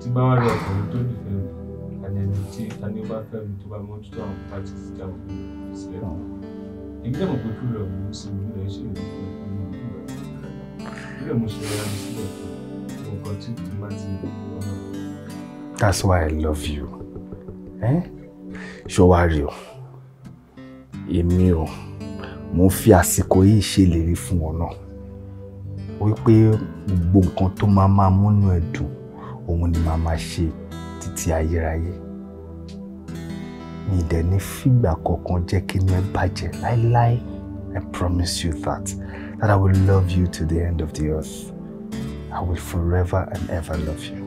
ti bá wá lọ ọkùnrin tó nífẹ̀ẹ́ mi àdẹ̀tí tí ìkànnì bá fẹ́ mi tó bá mójútó àwọn pàtì tí a fi sílẹ̀ èmi dẹ̀ mọ̀ That's why I love you. eh? ṣọwárì o èmi o mo fi àsìkò yìí ṣèlérí fún ọ náà wípé gbogbo nǹkan tó máa máa múnú ẹ dùn òun ni màá máa ṣe títí ayérayé mi dẹ̀ ní fìgbà kankan jẹ́ kí inú ẹ bàjẹ́ láéláé I promise you that that I will love you to the end of the earth I will forever and ever love you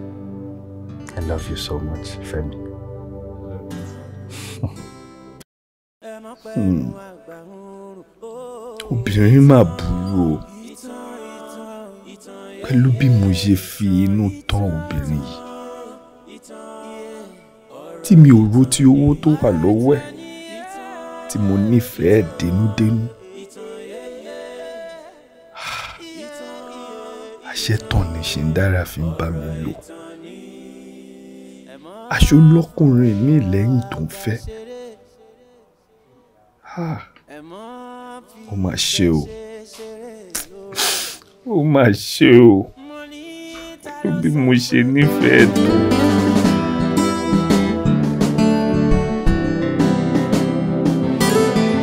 I love you so much Fẹ́mi. Hmm. obìnrin mà burú o pẹ̀lú bí mo ṣe fi inú tán obìnrin yìí tí mi ò ro ti owó tó wà lọ́wọ́ ẹ̀ tí mo nífẹ̀ẹ́ dénúdénú. àṣẹ tán ni Ṣìndára fi ń bá mi lò aṣọ lọ́kùnrin mi lẹ́yìn tó ń fẹ́ ah, ó mà ṣe o ó mà ṣe o bí mo ṣe nífẹ̀ẹ́ tó.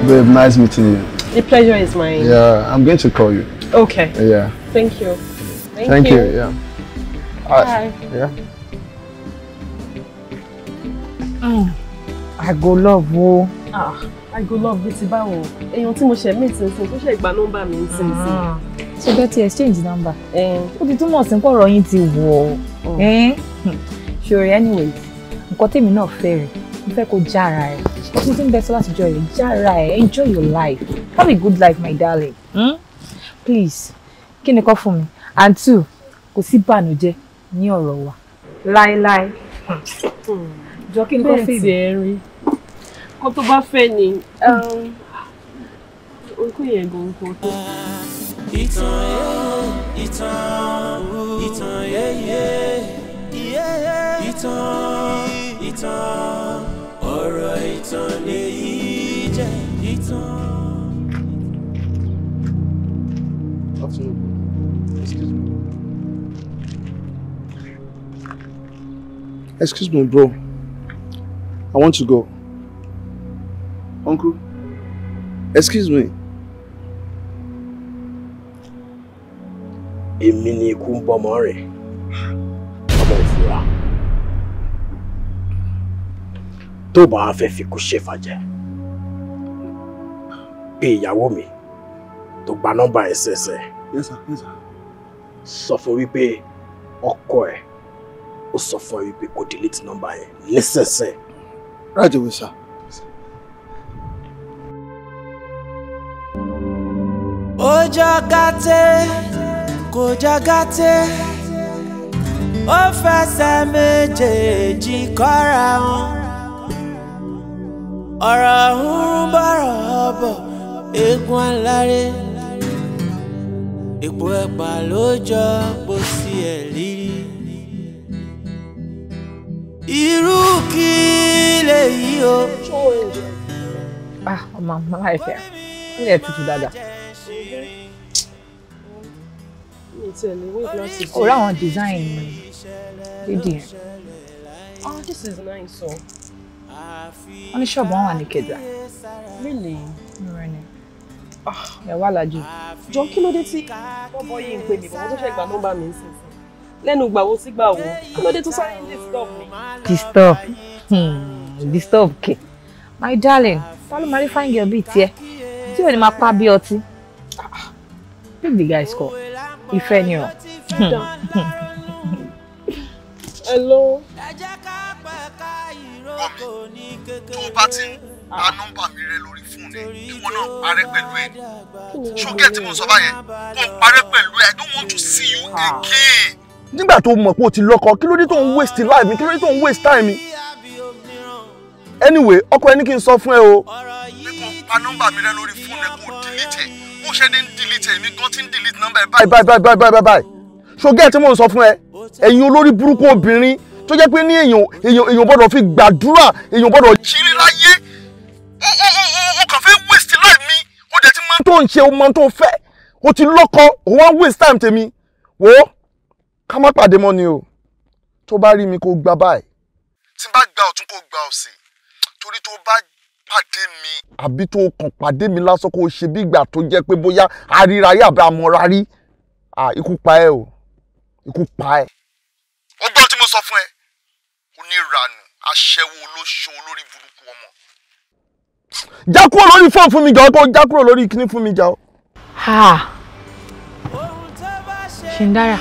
Babe, nice meeting you. The pleasure is mine. Yeah, I'm going to call you. Okay. Yeah. Thank you. Thank, Thank you. you. Yeah. Bye. Uh, ah, I, yeah. Mm. I go love you. Ah, I go love bí ti báwo. you tí mo ṣe mí ti ń sìn tó ṣe ìgbà nọ́mbà mi ah. So sìn sí. Ṣé bẹ́ẹ̀ ti exchange number? Ó ti túmọ̀ sí pọ̀rọ̀ yín ti wọ̀ ọ́. Mm. Ṣòro anyway, I'm quite enough fẹ́ mo fẹ́ kó jára ẹ̀ mo ti ń bẹ sọ láti jọ ẹ̀ jára ẹ̀ enjoy your life have a good life my darling hmm? please kí ni kọ́ fún mi and two kò sí bànújẹ́ ní ọ̀rọ̀ wa láéláé jọ kí ni kọ́ fún mi. bẹ́ẹ̀ tí ẹ rí kó tó bá fẹ́ ni nǹkan um, yẹn gan nǹkan tó. ìtàn ìtàn ìtàn yẹ́yẹ́ ìtàn ìtàn ọ̀rọ̀ ìtàn lè jẹ́ ìtàn. Excuse me. Excuse me, bro. I want to go. Uncle, excuse me. Èmi ni ikú ń bọ́mọ tó bá fẹ́ fi kú ṣe fàjẹ́ pé ìyàwó mi tó gba nọ́mbà ẹ̀sẹ̀ẹ̀sẹ̀ sọ fún wípé ọkọ ẹ̀ ó sọ fún ẹ wípé kó delete nọ́mbà yẹn lẹ́sẹ̀ẹ̀sẹ̀. right away sir. ó jágàtẹ́ kò ó fẹsẹ̀ méjèèjì kọ́ra wọn ọ̀rọ̀ ọ̀hún bọ̀rọ̀ ọ̀bọ̀ eégún aláré èpo ẹ̀pà ló jọ bó sí ẹ̀ lírí. irú kí lèyí o. Ah, ọmọ ọmọ láìpẹ́ ilé tutù dáadáa. ó ráwọn design oh this is nice o. Oh. So wọ́n ní ṣọ́ọ̀bù wọn wà ní kẹjà. really? rẹ ni. ẹ wá lajú. jọ kí ló dé tí bọ́bọ́ yìí ń pè mí bọ́bọ́ tó ṣe gbà nọ́mbà mi sí sí lẹ́nu gbàwo sí gbàwo kí ló dé tó sáré ń disturb Hmm. disturb disturb kẹ my darling ta ló máa rí fine girl bíi tiẹ̀ tí ò ní máa pa bí ọtí ah. Pick the guy score ìfẹ́ ni o. hello ọwọ́ mi tó o bá ti ń gba ah. nọ́mbà mi rẹ lórí fóònù ìwọ náà parẹ́ pẹ̀lú ẹ̀ ṣókè tí mo sọ báyẹn kò parẹ́ pẹ̀lú ẹ̀ I don't want to see you ah. again. nígbà tó mọ̀ pé o ti lọ́kọ kí ló dé tó ń waste life mi kí ló dé tó ń waste time mi anyway ọkọ ẹni kí n sọ fún ẹ o. pé kò pa nọ́mbà mi rẹ lórí fóònù ẹ kò delete ẹ bó ṣe ní delete ẹ mi gan ti ń delete nọ́mbà ẹ báyìí. báyìí báyìí báyìí báyìí ṣókè tí mo sọ fún ẹ ẹ̀yin olórí burúkú obìnrin tó jẹ́ pé ní èèyàn èèyàn èèyàn gbọ́dọ̀ fi gbàdúrà èèyàn gbọ́dọ̀ jírí láyé ó ó ó ó kàn fẹ́ waste life mi ó dẹ̀ ti mọ tó ń ṣe o mọ tó fẹ́ o ti lọ́kọ òun wá waste time tèmi wò ó ká má pàdé mọ́ ni o tó bá rí mi kó gba báyìí. tí n bá gba ọ̀tún kó gba òsì torí tó bá pàdé mi. àbí tó kàn pàdé mi lásán kó o ṣe bí ìgbà tó jẹ́ pé bóyá aríra yé àbí amọ̀ra rí ikú pa ẹ́ o ikú pa ẹ́. ó sọ fún ẹ oníranù aṣẹ́wó olóṣó olórí burúkú ọmọ. já kúrò lórí fóònù fún mi jà ó kó já kúrò lórí kíní fún mi jà ó. ṣìndára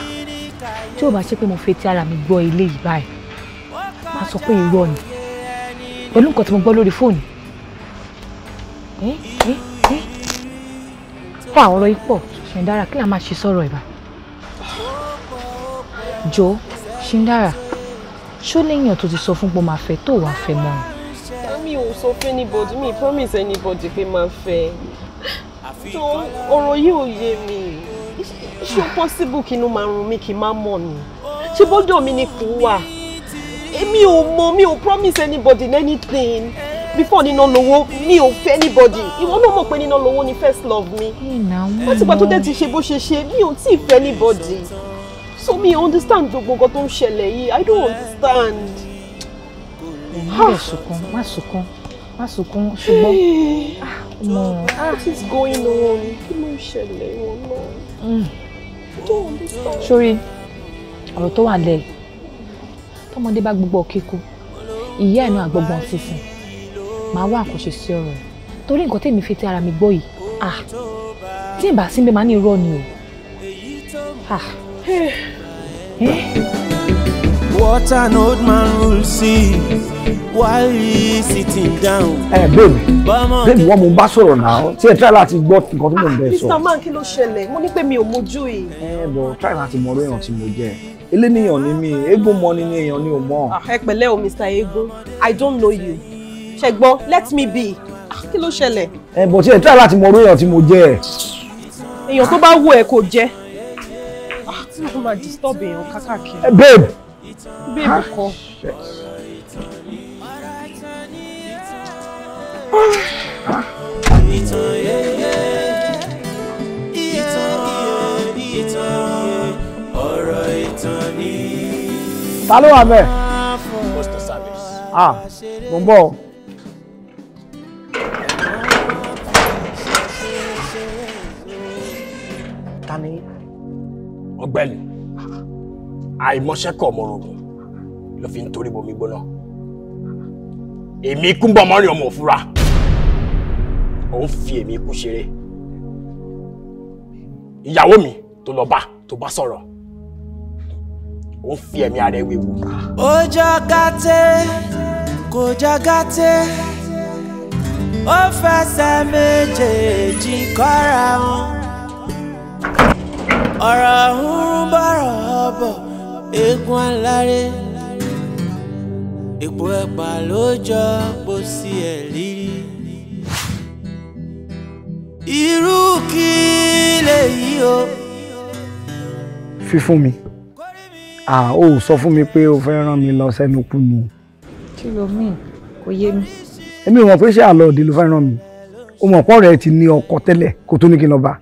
tí ò bá ṣe pé mo fetí ara mi gbọ́ ilé yìí báyìí máa sọ pé irọ́ ni pẹ̀lú nǹkan tí mo gbọ́ lórí fóònù fún àwọn ọ̀rọ̀ yìí pọ̀ ṣìndára kí la máa ṣe sọ̀rọ̀ ìbá jọ ṣìndára ṣó léèyàn tó ti sọ fún pé máa fẹ́ tó wàá fẹ́ mọ́ ni. mi ò sọ fún anybody mi promise anybody pé máa fẹ́ so ọ̀rọ̀ yìí ò yé mi ṣé ó possible kí inú máa run mi kí n má mọ̀ ni ṣé bọ́dọ̀ mi ni kò wà èmi ò mọ mi ò promise anybody anything before níná lówó mi ò fẹ́ anybody ìwọ náà mọ̀ pé níná lówó ni first love mi. wọ́n ti gbà tó dẹ̀ ti ṣe bó ṣe ṣe mi ò tí ì fẹ́ anybody so me understand gbogbo nǹkan tó ń ṣẹlẹ̀ yìí i don't understand. ẹ̀yin lè sunkún má sunkún má sunkún ṣùgbọ́n [SIGHS] ah, ah, what is going on kí ló ń ṣẹlẹ̀ wọn náà. Hmm. sori ọ̀rọ̀ tó wà lẹ́yìn tọmọdé bá gbogbo kíkú ìyá ẹ̀ náà àgbọ̀gbọ̀n sísìn màá wá àkànṣe sí ọ̀rọ̀ ẹ̀ torí nǹkan tèmi fi ti ara mi gbọ́ yìí ah tí ìbá sí mi máa ní irọ́ ni o ah. [SIGHS] Eh, Eh? What an old man will see while he's sitting down. Ẹ bẹ́ẹ̀ni, bẹ́ẹ̀ni wọ́n mo bá sọ̀rọ̀ náà, tí ẹ try láti gbọ́ nǹkan tó mò ń bẹ sọ. Mr. Man kí ló ṣẹlẹ̀? Mo ní pé mi ò mojú yìí. Ẹ eh, bọ̀ try láti mọ orí èèyàn tí mo jẹ. Eléníyàn ni mí, eégún mọ ni èèyàn ni ò mọ̀. Ah, ẹ pẹ̀lẹ́ o Mr. Eégún, I don't know you. Ṣẹ̀gbọ́n, let me be. Ah, kí ló ṣẹlẹ̀? Ẹ eh, bọ̀ tí ẹ try láti mọ orí èèyàn tí mo jẹ. Èèyàn tó bá wù ẹ́ kò jẹ́ tí mo máa disturb èèyàn kákàkiri. Eh, babe. babe kọ. ìtàn yẹyẹ ìtàn ìtàn ọ̀rọ̀ ìtàn ni. ah mo àìmọṣẹ́ kọ̀ ọmọrogùn ló fi ń torí bomi gbóná èmi kú ń mọ́rin ọmọ òfura òun fi èmi kú ṣeré ìyàwó mi tó lọ bá tó bá sọ̀rọ̀ òun fi ẹ̀mí ara ẹ̀ wéwu. gàtẹ́ kò jọ gàtẹ́ ó fẹsẹ̀ méjèèjì kọ́ra wọn ọ̀rọ̀ ń bọ̀rọ̀ bọ̀ eégún aláré èpo ẹ̀pà ló jọ bó sí ẹ̀ lírí. irú kí lèyí o. fífún mi à ó sọ fún mi pé o fẹ́ rán mi lọ sẹ́nu kú ni. kí ló mìíràn kò yé mi. èmi ò mọ̀ pé ṣé àlọ́ òde ló fẹ́ rán mi o mọ̀ pọ́ rẹ̀ ti ní ọkọ tẹ́lẹ̀ kó tó ní kí n lọ bá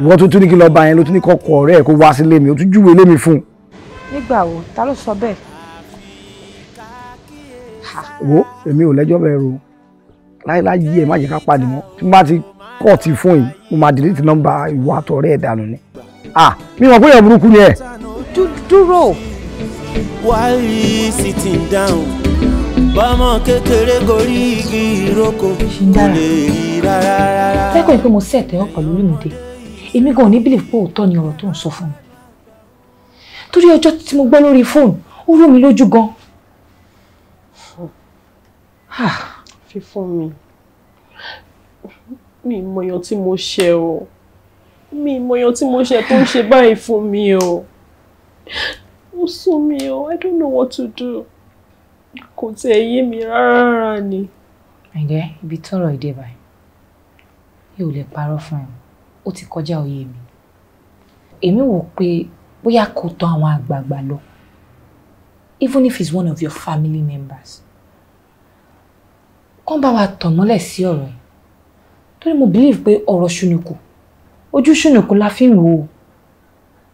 ìwọ tó tún ní kí n lọ bá yẹn ló tún ní kọ́kọ́ rẹ̀ kó wá sílé mi ó tún júwèé lé mi fún un nígbà wo ta ló sọ bẹ́ẹ̀. wo èmi ò lẹ́jọ́ bẹ́ẹ̀ ro láyéláyé ẹ̀ má jẹ́ ká pàdé mọ́ tí mo bá ti kọ́ ti fún yìí mo máa delete nọ́mbà ìwà àtọ̀rẹ́ ẹ̀ dànù ni. ah mi mọ̀ pé èèyàn burúkú ni ẹ̀. dúró. why sitting down bọ́mọ kékeré gorí igi ìrókò kò lè rí rárá. fẹ́kọ̀ọ́ pé mo sẹ̀tẹ̀ ọ̀pọ̀ lórí mi dé èmi gan-an ní bílíf pé òótọ́ ni ọ̀rọ̀ tó ń sọ fún mi torí ọjọ́ tí mo gbọ́ lórí fóònù ó rú mi lójú gan. fífún mi mi ìmọ̀yàn tí mo ṣe o mi ìmọ̀yàn tí mo ṣe tó ń ṣe báyìí fún mi o ó sún mi o I don't know what to do kò tiẹ̀ yé mi rárá ni. àìdẹ́ ibi tọrọ ìdè báyìí yóò lè parọ́ fún ẹ ó ti kọjá òye mi èmi wò pé bóyá kò tán àwọn àgbààgbà lọ even if he's one of your family members kán bá wa tàn mọ́lẹ̀ sí ọ̀rọ̀ yìí torí mo believe pé ọ̀rọ̀ ṣùnùkù ojú ṣùnùkù la fi ń wò ó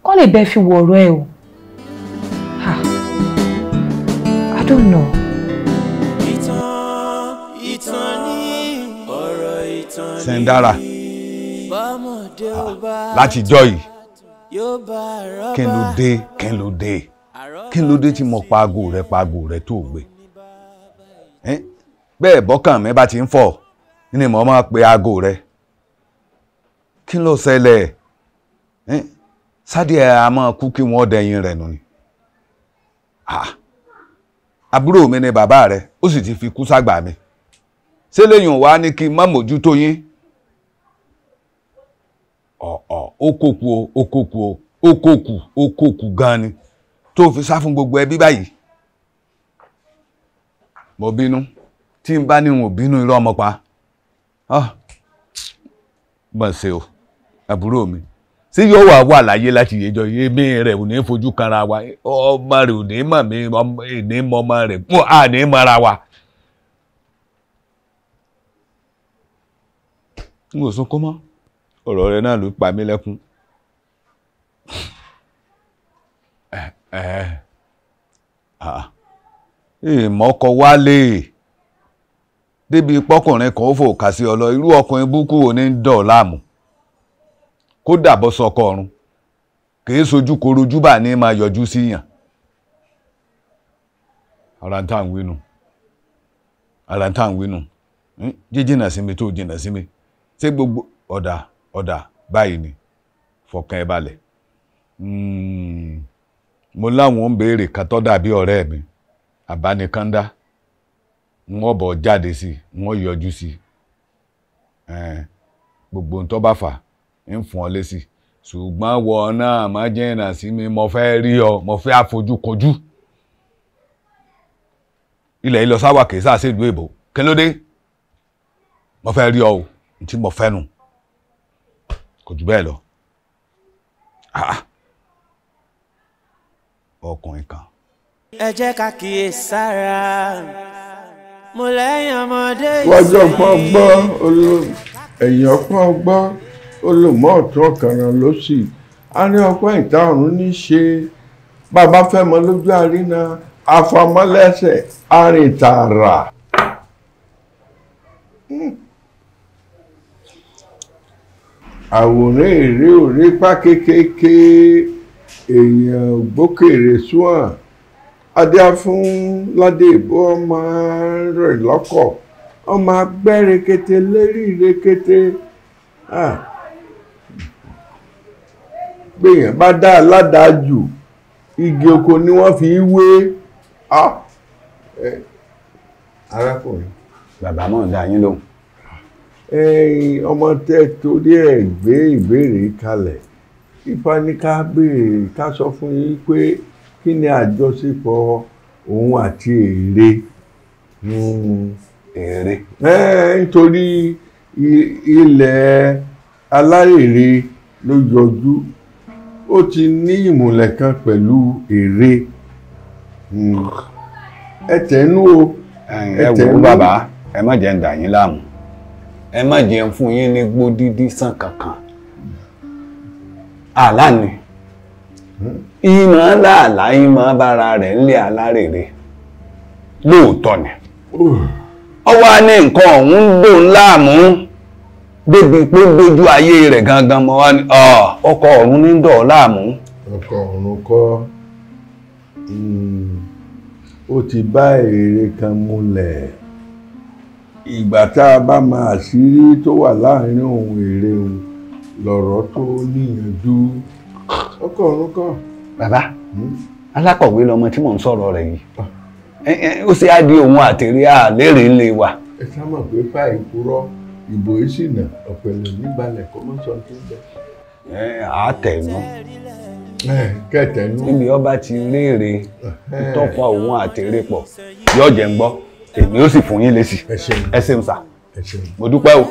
kán lè bẹ́ẹ̀ fi wọ ọ̀rọ̀ ẹ o I don't know. Sendara látijọ́ yìí kí ló dé kí ló dé kí ló dé tí mo pa aago rẹ pa aago rẹ tó gbé bẹ́ẹ̀ bọ́kàn mi bá ti ń fọ̀ ni mo máa pe aago rẹ kí ló ṣẹlẹ̀ sádìẹ a máa kú kí wọ́n dẹyin rẹ̀ nù ni àbúrò mi ni bàbá rẹ ó sì ti fi kú ságbà mi ṣé lẹ́yìn wá ní kí n má mójútó yín okòkù o okòkù o okòkù okòkù gan ni tó fi sá fún gbogbo ẹbí báyìí mo bínú tí n bá ní n ò bínú irọ́ ọmọ pa bọ́n ah, ṣe o àbúrò mi sí yóò wà wà láyé láti yẹjọ èmi rẹ ò ní fojú kanra wa ọmọ rẹ ò ní mọ̀ mí ní mọ̀ ọmọ rẹ à ní mọ̀ra wa. n ò sunkún mọ́. ọ̀rọ̀ rẹ náà ló pa mí lẹ́kún. ìmọ̀kọ wálé débi pọ́kùnrin kan ó fò kà sí ọlọ irú ọkùnrin búkú ò ní dọ̀ láàmú kó sọkọ ọ̀run kìí sojú korojú bá ní máa yọjú sí ọ̀dà báyìí ni fọkàn ẹ balẹ̀ hmm, mo láwọn ń béèrè kan tó dàbí ọ̀rẹ́ mi àbánikánda wọ́n bọ̀ jáde sí i wọ́n yọjú sí i gbogbo ntọ́ bá fà ń fún ọ lésì ṣùgbọ́n wọ náà má jẹ́nà sí mi mo fẹ́ rí ọ mo fẹ́ àfojúkojú ilẹ̀ ìlọsáwà kìí sáà sí ìlú èbó kí ló dé mo fẹ́ rí ọ o ntí mo fẹ́ nù. No. kò jù bẹ́ẹ̀ lọ ah, ah. ọkùnrin kan. ẹ jẹ́ ká kíyè sára mo lẹ́yìn ọmọdé yìí. wájú ọ̀pọ̀ gbọ́ ẹ̀yìn ọ̀pọ̀ gbọ́ olùmọ̀ ọ̀tún ló sì á ní ọpọ́ ìta ọ̀run ní ṣe bàbá fẹ́ mọ lójú àríná àfọmọ́lẹ́sẹ̀ àrìn Mm àwòrán èrè òré pa kékèké èèyàn gbókèrè sùn adé fún ládé ìbò ọmọ rẹ̀ lọ́kọ̀ ọmọ agbẹ́ rekete lérí rekete gbèyàn bá dá aládàá jù igi oko ni wọ́n fi wé arákùnrin bàbá mọ̀ ń dá yín lóhùn. ẹ̀yin ọmọ tẹ torí ẹ gbé ìbéèrè kalẹ̀ Ifá ní ká béèrè ká sọ fún yín pé kí ni àjọṣepọ̀ òun àti ère ère nítorí ilẹ̀ aláìrè ló yọjú ó ti ní ìmùlẹ̀ kan pẹ̀lú ère hmm. ẹ tẹ̀nú o ẹ bàbá ẹ má jẹ́ ń dà yín láàmú. ẹ má jẹun fún yín ní gbó dídí sàn kankan àlá ni ìmọ̀ ńlá àlá ìmọ̀ bára rẹ̀ ńlẹ̀ alárèrè lóòótọ́ ni ó wá ní nǹkan ọ̀hún ń dùn láàmú débi pé dojú ayé rẹ̀ gangan mọ́ wá ní ọkọ ọ̀run ní dọ̀ láàmú. ọkọ ọ̀run kọ́ hmm. ó ti bá èrè kan múlẹ̀. ìgbà tá a bá máa àṣírí tó wà láàrin ohun èrè òun lọ̀rọ̀ tó níyànjú ọkọ̀ ọ̀run bàbá hmm? alákọ̀wé lọmọ tí mò ń sọ̀rọ̀ rẹ̀ yìí ah. ó ṣe á di òun àtẹ̀rí àlérè ń lè wà. ẹ ṣá mọ̀ pé ìbò ọ̀pẹ̀lẹ̀ mọ́ sọ tó ẹ á ọba ti léèrè tó òun pọ̀ yọjẹ èmi ó sì fún yín lésì ẹ ṣeun sà mo dúpẹ́ o.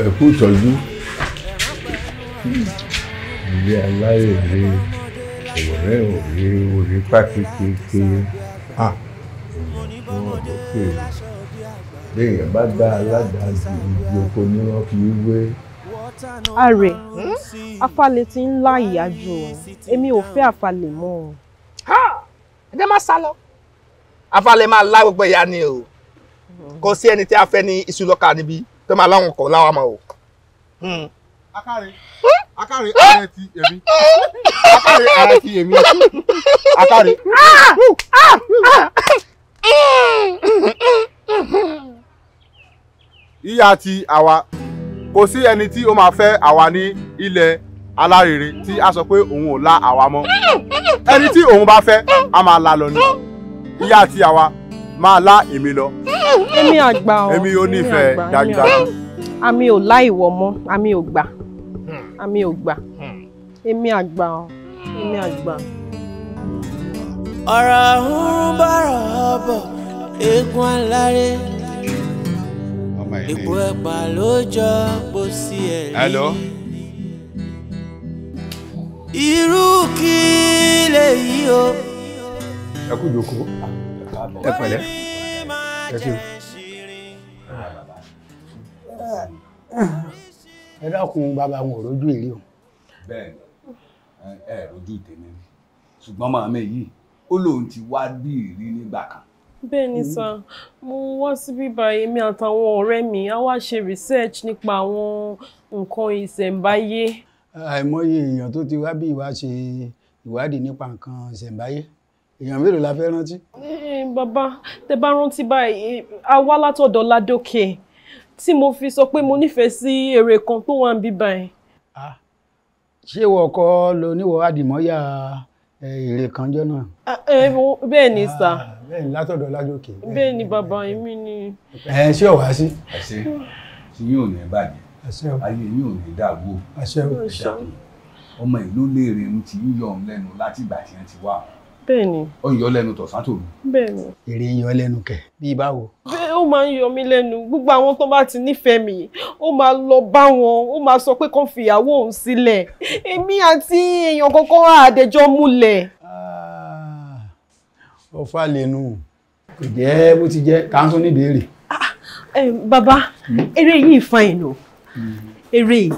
ẹ kú ìtọ́jú ilé aláìlè ọ̀rẹ́ òye orí pákékeke à fún ọ̀dọ́ pèrè béèyàn bá dá aládàá ju ibi oko ní wọn fi wé. ààrẹ afálẹ̀ ti ń lá ìyájú ọ èmi ò fẹ́ àfàlẹ̀ mọ́ ọ. ẹ dẹ́ máa sá lọ afálẹ̀ máa lá gbogbo ìyá ni o kò sí ẹni tí a fẹ́ ní iṣu lọ́ka níbi tó máa láwọn kọ̀ láwọn ọmọ o. Akari. akáre ààrẹ ti èmi Akari. ààrẹ ti èmi akáre. ìyá ti àwa kò sí ẹni tí ó máa fẹ́ àwa ní ilẹ̀ alárèrè tí a sọ pé òun ò la àwa mọ́ ẹni tí òun bá fẹ́ a máa la lọ ni ìyá àti àwa máa lá èmi lọ. èmi àgbà ọ èmi ò nífẹ̀ẹ́ dájúdájú. àmì ò lá ìwọ mọ́ àmì ò gbà hmm. àmì ò gbà hmm. èmi àgbà ọ èmi àgbà. ọ̀rọ̀ ń bọ̀rọ̀ bọ̀ eégún aláré èpo ẹ̀pà ló jọ bó sí ẹ̀ rí. irú kí lèyí o. ẹ kú jókòó ẹ pẹ̀lẹ́ ẹ ṣeun ẹ dákun bàbá wọn ò rójú èrí o. bẹ́ẹ̀ ẹ rójú tèmi rí ṣùgbọ́n màmá yìí ó lóun ti wá bí ìrí nígbà kan. bẹ́ẹ̀ ni sà mo wá síbí báyìí èmi àtàwọn ọ̀rẹ́ mi a wá ṣe research nípa àwọn nǹkan ìṣẹ̀ǹbáyé. àìmọye èèyàn tó ti wá bí ìwà ṣe ìwádìí nípa nǹkan ìṣẹ̀ǹbáyé èèyàn mélòó la fẹ́ rántí. Eh, bàbá tẹ bá rántí báyìí a wá látọ̀dọ̀ ládòkè tí mo fi sọ pé mo nífẹ̀ẹ́ sí èrè kan tó wà ń bí báyìí. ṣé ìwọ kọ́ lo níwọ̀ àdìmọ́yà èrè kan jọ náà. bẹ́ẹ̀ ni sà. Ah, bẹ́ẹ̀ ni látọ̀dọ̀ ládòkè. bẹ́ẹ̀ ni bàbá mi ni. ẹ ṣé ọ̀wá sí. àṣẹ tí yóò ní bàjẹ́ ayé yóò ní dàgbò ọmọ ìlú léèrè ń ti yíyọ òun lẹ́nu látìgbà tí wọ́n ti wà wọ́n bẹ́ẹ̀ni. ó yọ lẹ́nu tọ̀sán tòru. bẹ́ẹ̀ni. èrè yọ lẹ́nu kẹ̀ bíi báwo. bẹ́ẹ̀ ó máa ń yọ mí lẹ́nu gbogbo àwọn tó bá ti nífẹ̀ẹ́ mi ó máa lọ bá wọn ó máa sọ pé kàn fìyàwó òun sílẹ̀ èmi àti èèyàn kankan àdẹjọ́ múlẹ̀. Ah, ọ̀fà lẹ́nu kò jẹ́ bó ti jẹ́ káńtó níbèrè. Ah, eh, bàbá hmm? eré yìí fine o hmm. eré yìí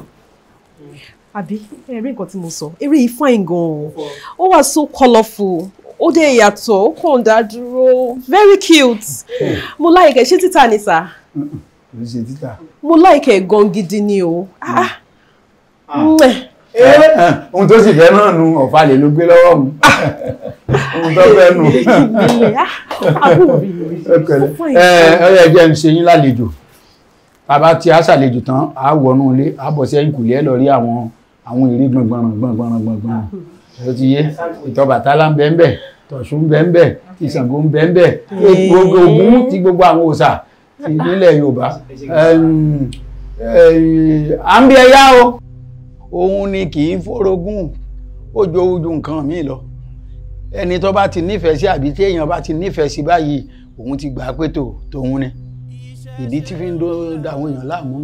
àbí ẹ rí nǹkan tí mo sọ eré yìí fine gan o ó wà so colourful ó dé ìyàtọ̀ ó kàn dá very cute mo like ẹ ṣé títà ni sà. kì í ṣe mo like gan gidi ni o. Ah. Ah. Eh, eh, eh. ohun tó sì fẹ́ náà nu ọ̀fà lè ló gbé lọ́wọ́ mu ah. ohun tó fẹ́ nu. ọ̀rẹ́ ẹgbẹ́ ń ṣe yín lálejò bàbá tí a ṣàlejò tán a wọnú ilé a bọ̀ sí ẹ̀yìnkùlé ẹ lọ rí àwọn àwọn èrè gbọ̀ngbọ̀n gbọ̀ngbọ̀n gbọ̀ngbọ̀n ló ah. ti yé ìtọ̀ Bàtálá ń bẹ ń bẹ t'Ọ̀ṣun ń bẹ ń bẹ ti Ṣàngó ń bẹ ń bẹ gbogbo Ògún ti gbogbo àwọn òòṣà ti nílẹ̀ Yorùbá à ń bí ẹyá o òun ni kì í forogún ó ju owó ju nǹkan míì lọ ẹni tó bá ti nífẹ̀ẹ́ sí àbí tí èèyàn bá ti nífẹ̀ẹ́ sí báyìí òun ti gbà á pé tòun ni ìdí tí fi ń dá èèyàn láàmú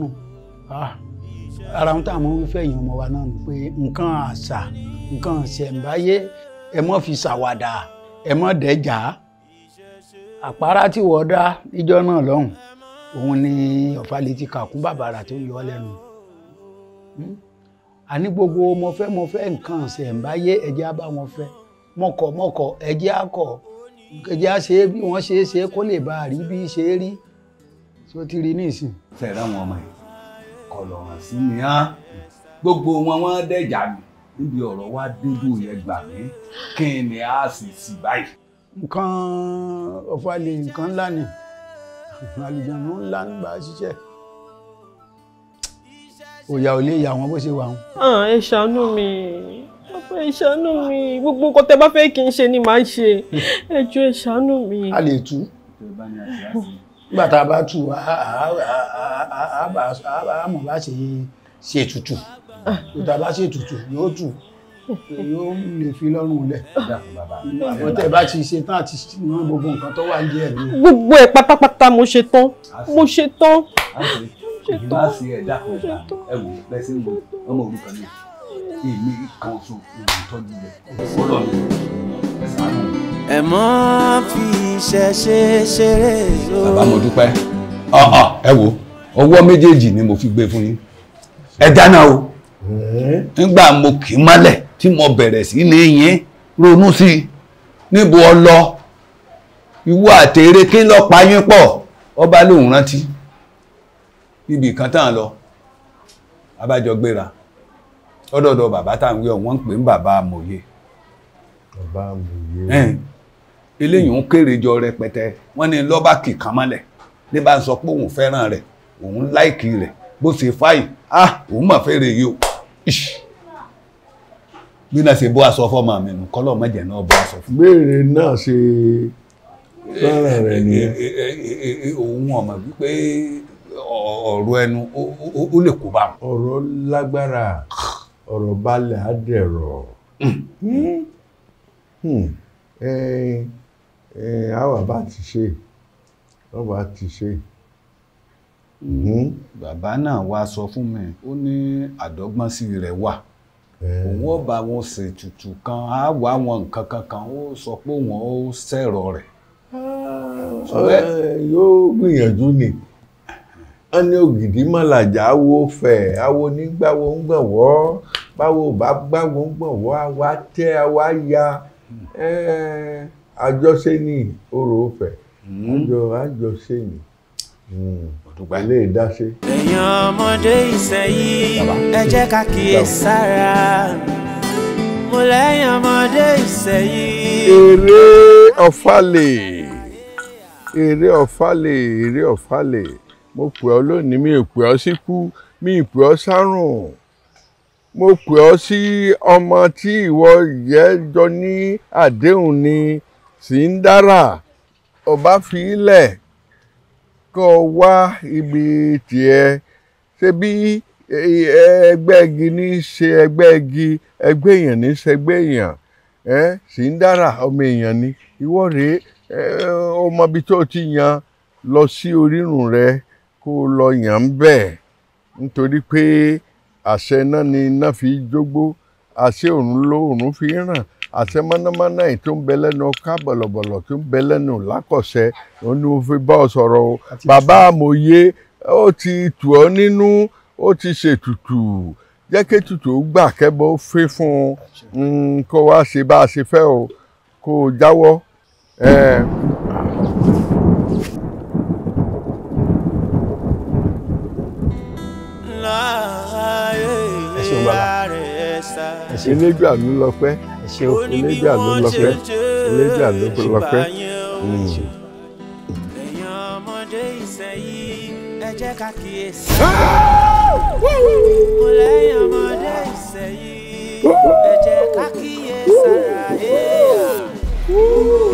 ara ohun táwọn wífẹ́ yìí ọmọ wa náà ni pé nǹkan àṣà nǹkan ṣẹ̀ǹbáyé ẹ mọ́ fi ṣàwàdà ẹ mọ́ dẹ́jà àpárá tí wọ́n dá níjọ́ náà lọ́hùn òun ni ọ̀fàlẹ́tì kàkún bàbàrà tó yọ ọ́ lẹ́nu àní hmm? gbogbo mo fẹ́ mo fẹ́ nǹkan ṣẹ̀ǹbáyé ẹ̀jẹ̀ bá wọn fẹ́ mọ̀kọ̀ mọ̀kọ̀ ẹ̀jẹ̀ á kọ̀ ṣe bí wọ́n ṣe é ṣe kó lè bá a rí bí ṣe é rí tí ó ti rí nísìn. fẹ́ẹ̀ ráwọn ọmọ yìí ọ̀rọ̀ hàn sí mi hàn gbogbo wọn wọ́n dẹ̀jà mi níbi ọ̀rọ̀ wa dúdú yẹn gbà mí kí ni a sì sì báyìí. nǹkan ọ̀fàlẹ̀ nǹkan ńlá ni àlùjọ̀nù ńlá ń gbà ṣiṣẹ́ òyà ò lè yà wọn bó ṣe wà wọn. ẹ ṣàánú mi ẹ ṣàánú mi gbogbo nǹkan tẹ bá fẹ́ kí n ṣe ni màá ṣe ẹ jọ̀ọ́ ẹ ṣàánú mi. a lè tú nígbà bá tù á bá ṣe ṣe tutù bá ṣe tutù yóò tù yóò lè fi lọ́rùn lẹ̀ àwọn bá ti ṣe tán àti wọn gbogbo nǹkan tó wà ń jẹ́ ẹ̀mí. gbogbo ẹ̀ pátápátá mo ṣe tán mo ṣe tán mo ṣe tán mo ṣe tán ẹ wò lẹ́sìn ọmọ òrukàn náà èmi kan so ìlú tọ́jú rẹ̀ ọ̀pọ̀lọpọ̀. ẹ mọ́ fi ṣẹ̀ṣẹ̀ ṣeré o. bàbá mo dúpẹ́ ah, ah, ẹ wo ọwọ́ méjèèjì ni mo fi gbé fún yín ẹ dáná o nígbà mo kì í mọ́lẹ̀ tí mo bẹ̀rẹ̀ sí ní yín ronú sí i níbo ọ lọ ìwọ àtẹ̀rẹ́ kí lọ́ọ́ pa yín pọ̀ ọba lòun rántí níbi kan tá à lọ abájọ gbéra ọdọọdọ bàbá tá à ń wí ọ wọn ń pè ń bàbá amòye. bàbá amòye. eléyìí ń kéré jọ rẹpẹtẹ wọ́n ní lọ́ba kìkan mọ́lẹ̀ ní bá ń sọ pé òun fẹ́ràn rẹ̀ òun láìkì rẹ̀ bó ṣe fáyìn ah òun mà fẹ́rẹ̀ yìí o bí náà ṣe bó aṣọ fọmọ mi nù kọ́lọ́ mọ̀jẹ̀ náà bó aṣọ fún mi. béèrè náà ṣe fẹ́ràn rẹ̀ ni. Eh, eh, eh, òun ọ̀mọ̀ wípé ọ̀rọ̀ ẹnu ó lè kó bá wọn. ọ̀rọ̀ lágbára ọ̀rọ̀ balẹ̀ á dẹ̀rọ̀. Hmm. Hmm. Hmm àwa bá ti ṣe ọba ti ṣe. Hmm, bàbá náà wá sọ fún mi ó ní àdọ́gbọ́nsí rẹ̀ wà òun ó bá wọn ṣètùtù kan á wá wọn nǹkan kankan ó sọ pé òun ó ṣẹ̀rọ rẹ̀. Ah, yóò gbìyànjú ni wọ́n ní ògidì mọ̀làjà awo fẹ̀ awo nígbàwo ń gbọ̀wọ́ báwo bá gbàwo ń gbọ̀wọ́ àwa tẹ́ àwa ya àjọṣe ni orò ọ̀fẹ́ hmm. àjọ àjọṣe ni hmm. ilé ìdáṣe. èèyàn ọmọdé ìsẹ̀yìn ẹ jẹ́ ká kíyè sára mo lẹ́yìn ọmọdé ìsẹ̀yìn. eré ọ̀fàlẹ̀ eré ọ̀fàlẹ̀ eré ọ̀fàlẹ̀ mo pè ọ́ lónìí mi ò pè ọ́ síkú mi ò pè ọ́ sárùn mo pè ọ́ sí ọmọ tí ìwọ yẹ jọ ní àdéhùn ni. sì ń dára ọba fi ilẹ̀ kọ́ wá ibi tiẹ̀ ṣe bí ẹgbẹ́ igi ní ṣe ẹgbẹ́ igi ẹgbẹ́ èèyàn ní ṣe ẹgbẹ́ èèyàn ẹ sì ń dára ọmọ èèyàn ni ìwọ rèé ọmọ ibi tó ti yan lọ sí orírun rẹ kó lọ yàn ń bẹ̀ nítorí pé àṣẹ náà ni iná fi jógbó àṣẹ òrùn ló òrùn fi ràn àṣẹ mọ́nàmọ́ná yìí tó ń bẹ lẹ́nu ọká bọ̀lọ̀bọ̀lọ̀ tó ń bẹ lẹ́nu lákọ̀ṣẹ́ òun ni mo bá ọ sọ̀rọ̀ o bàbá àmọ̀ye ó ti tù ọ́ nínú ó ti ṣètùtù jẹ́ kí ètùtù gbà kẹ́bọ́ fẹ́ fún un hmm, kó wá ṣe bá a ṣe fẹ́ o kó o jáwọ́. ẹ bàbá ẹ ṣe elédùn àmì lọ pẹ́ ṣe eléjà ló lọ́pẹ́ eléjà ló lọ́pẹ́. jẹ́ ká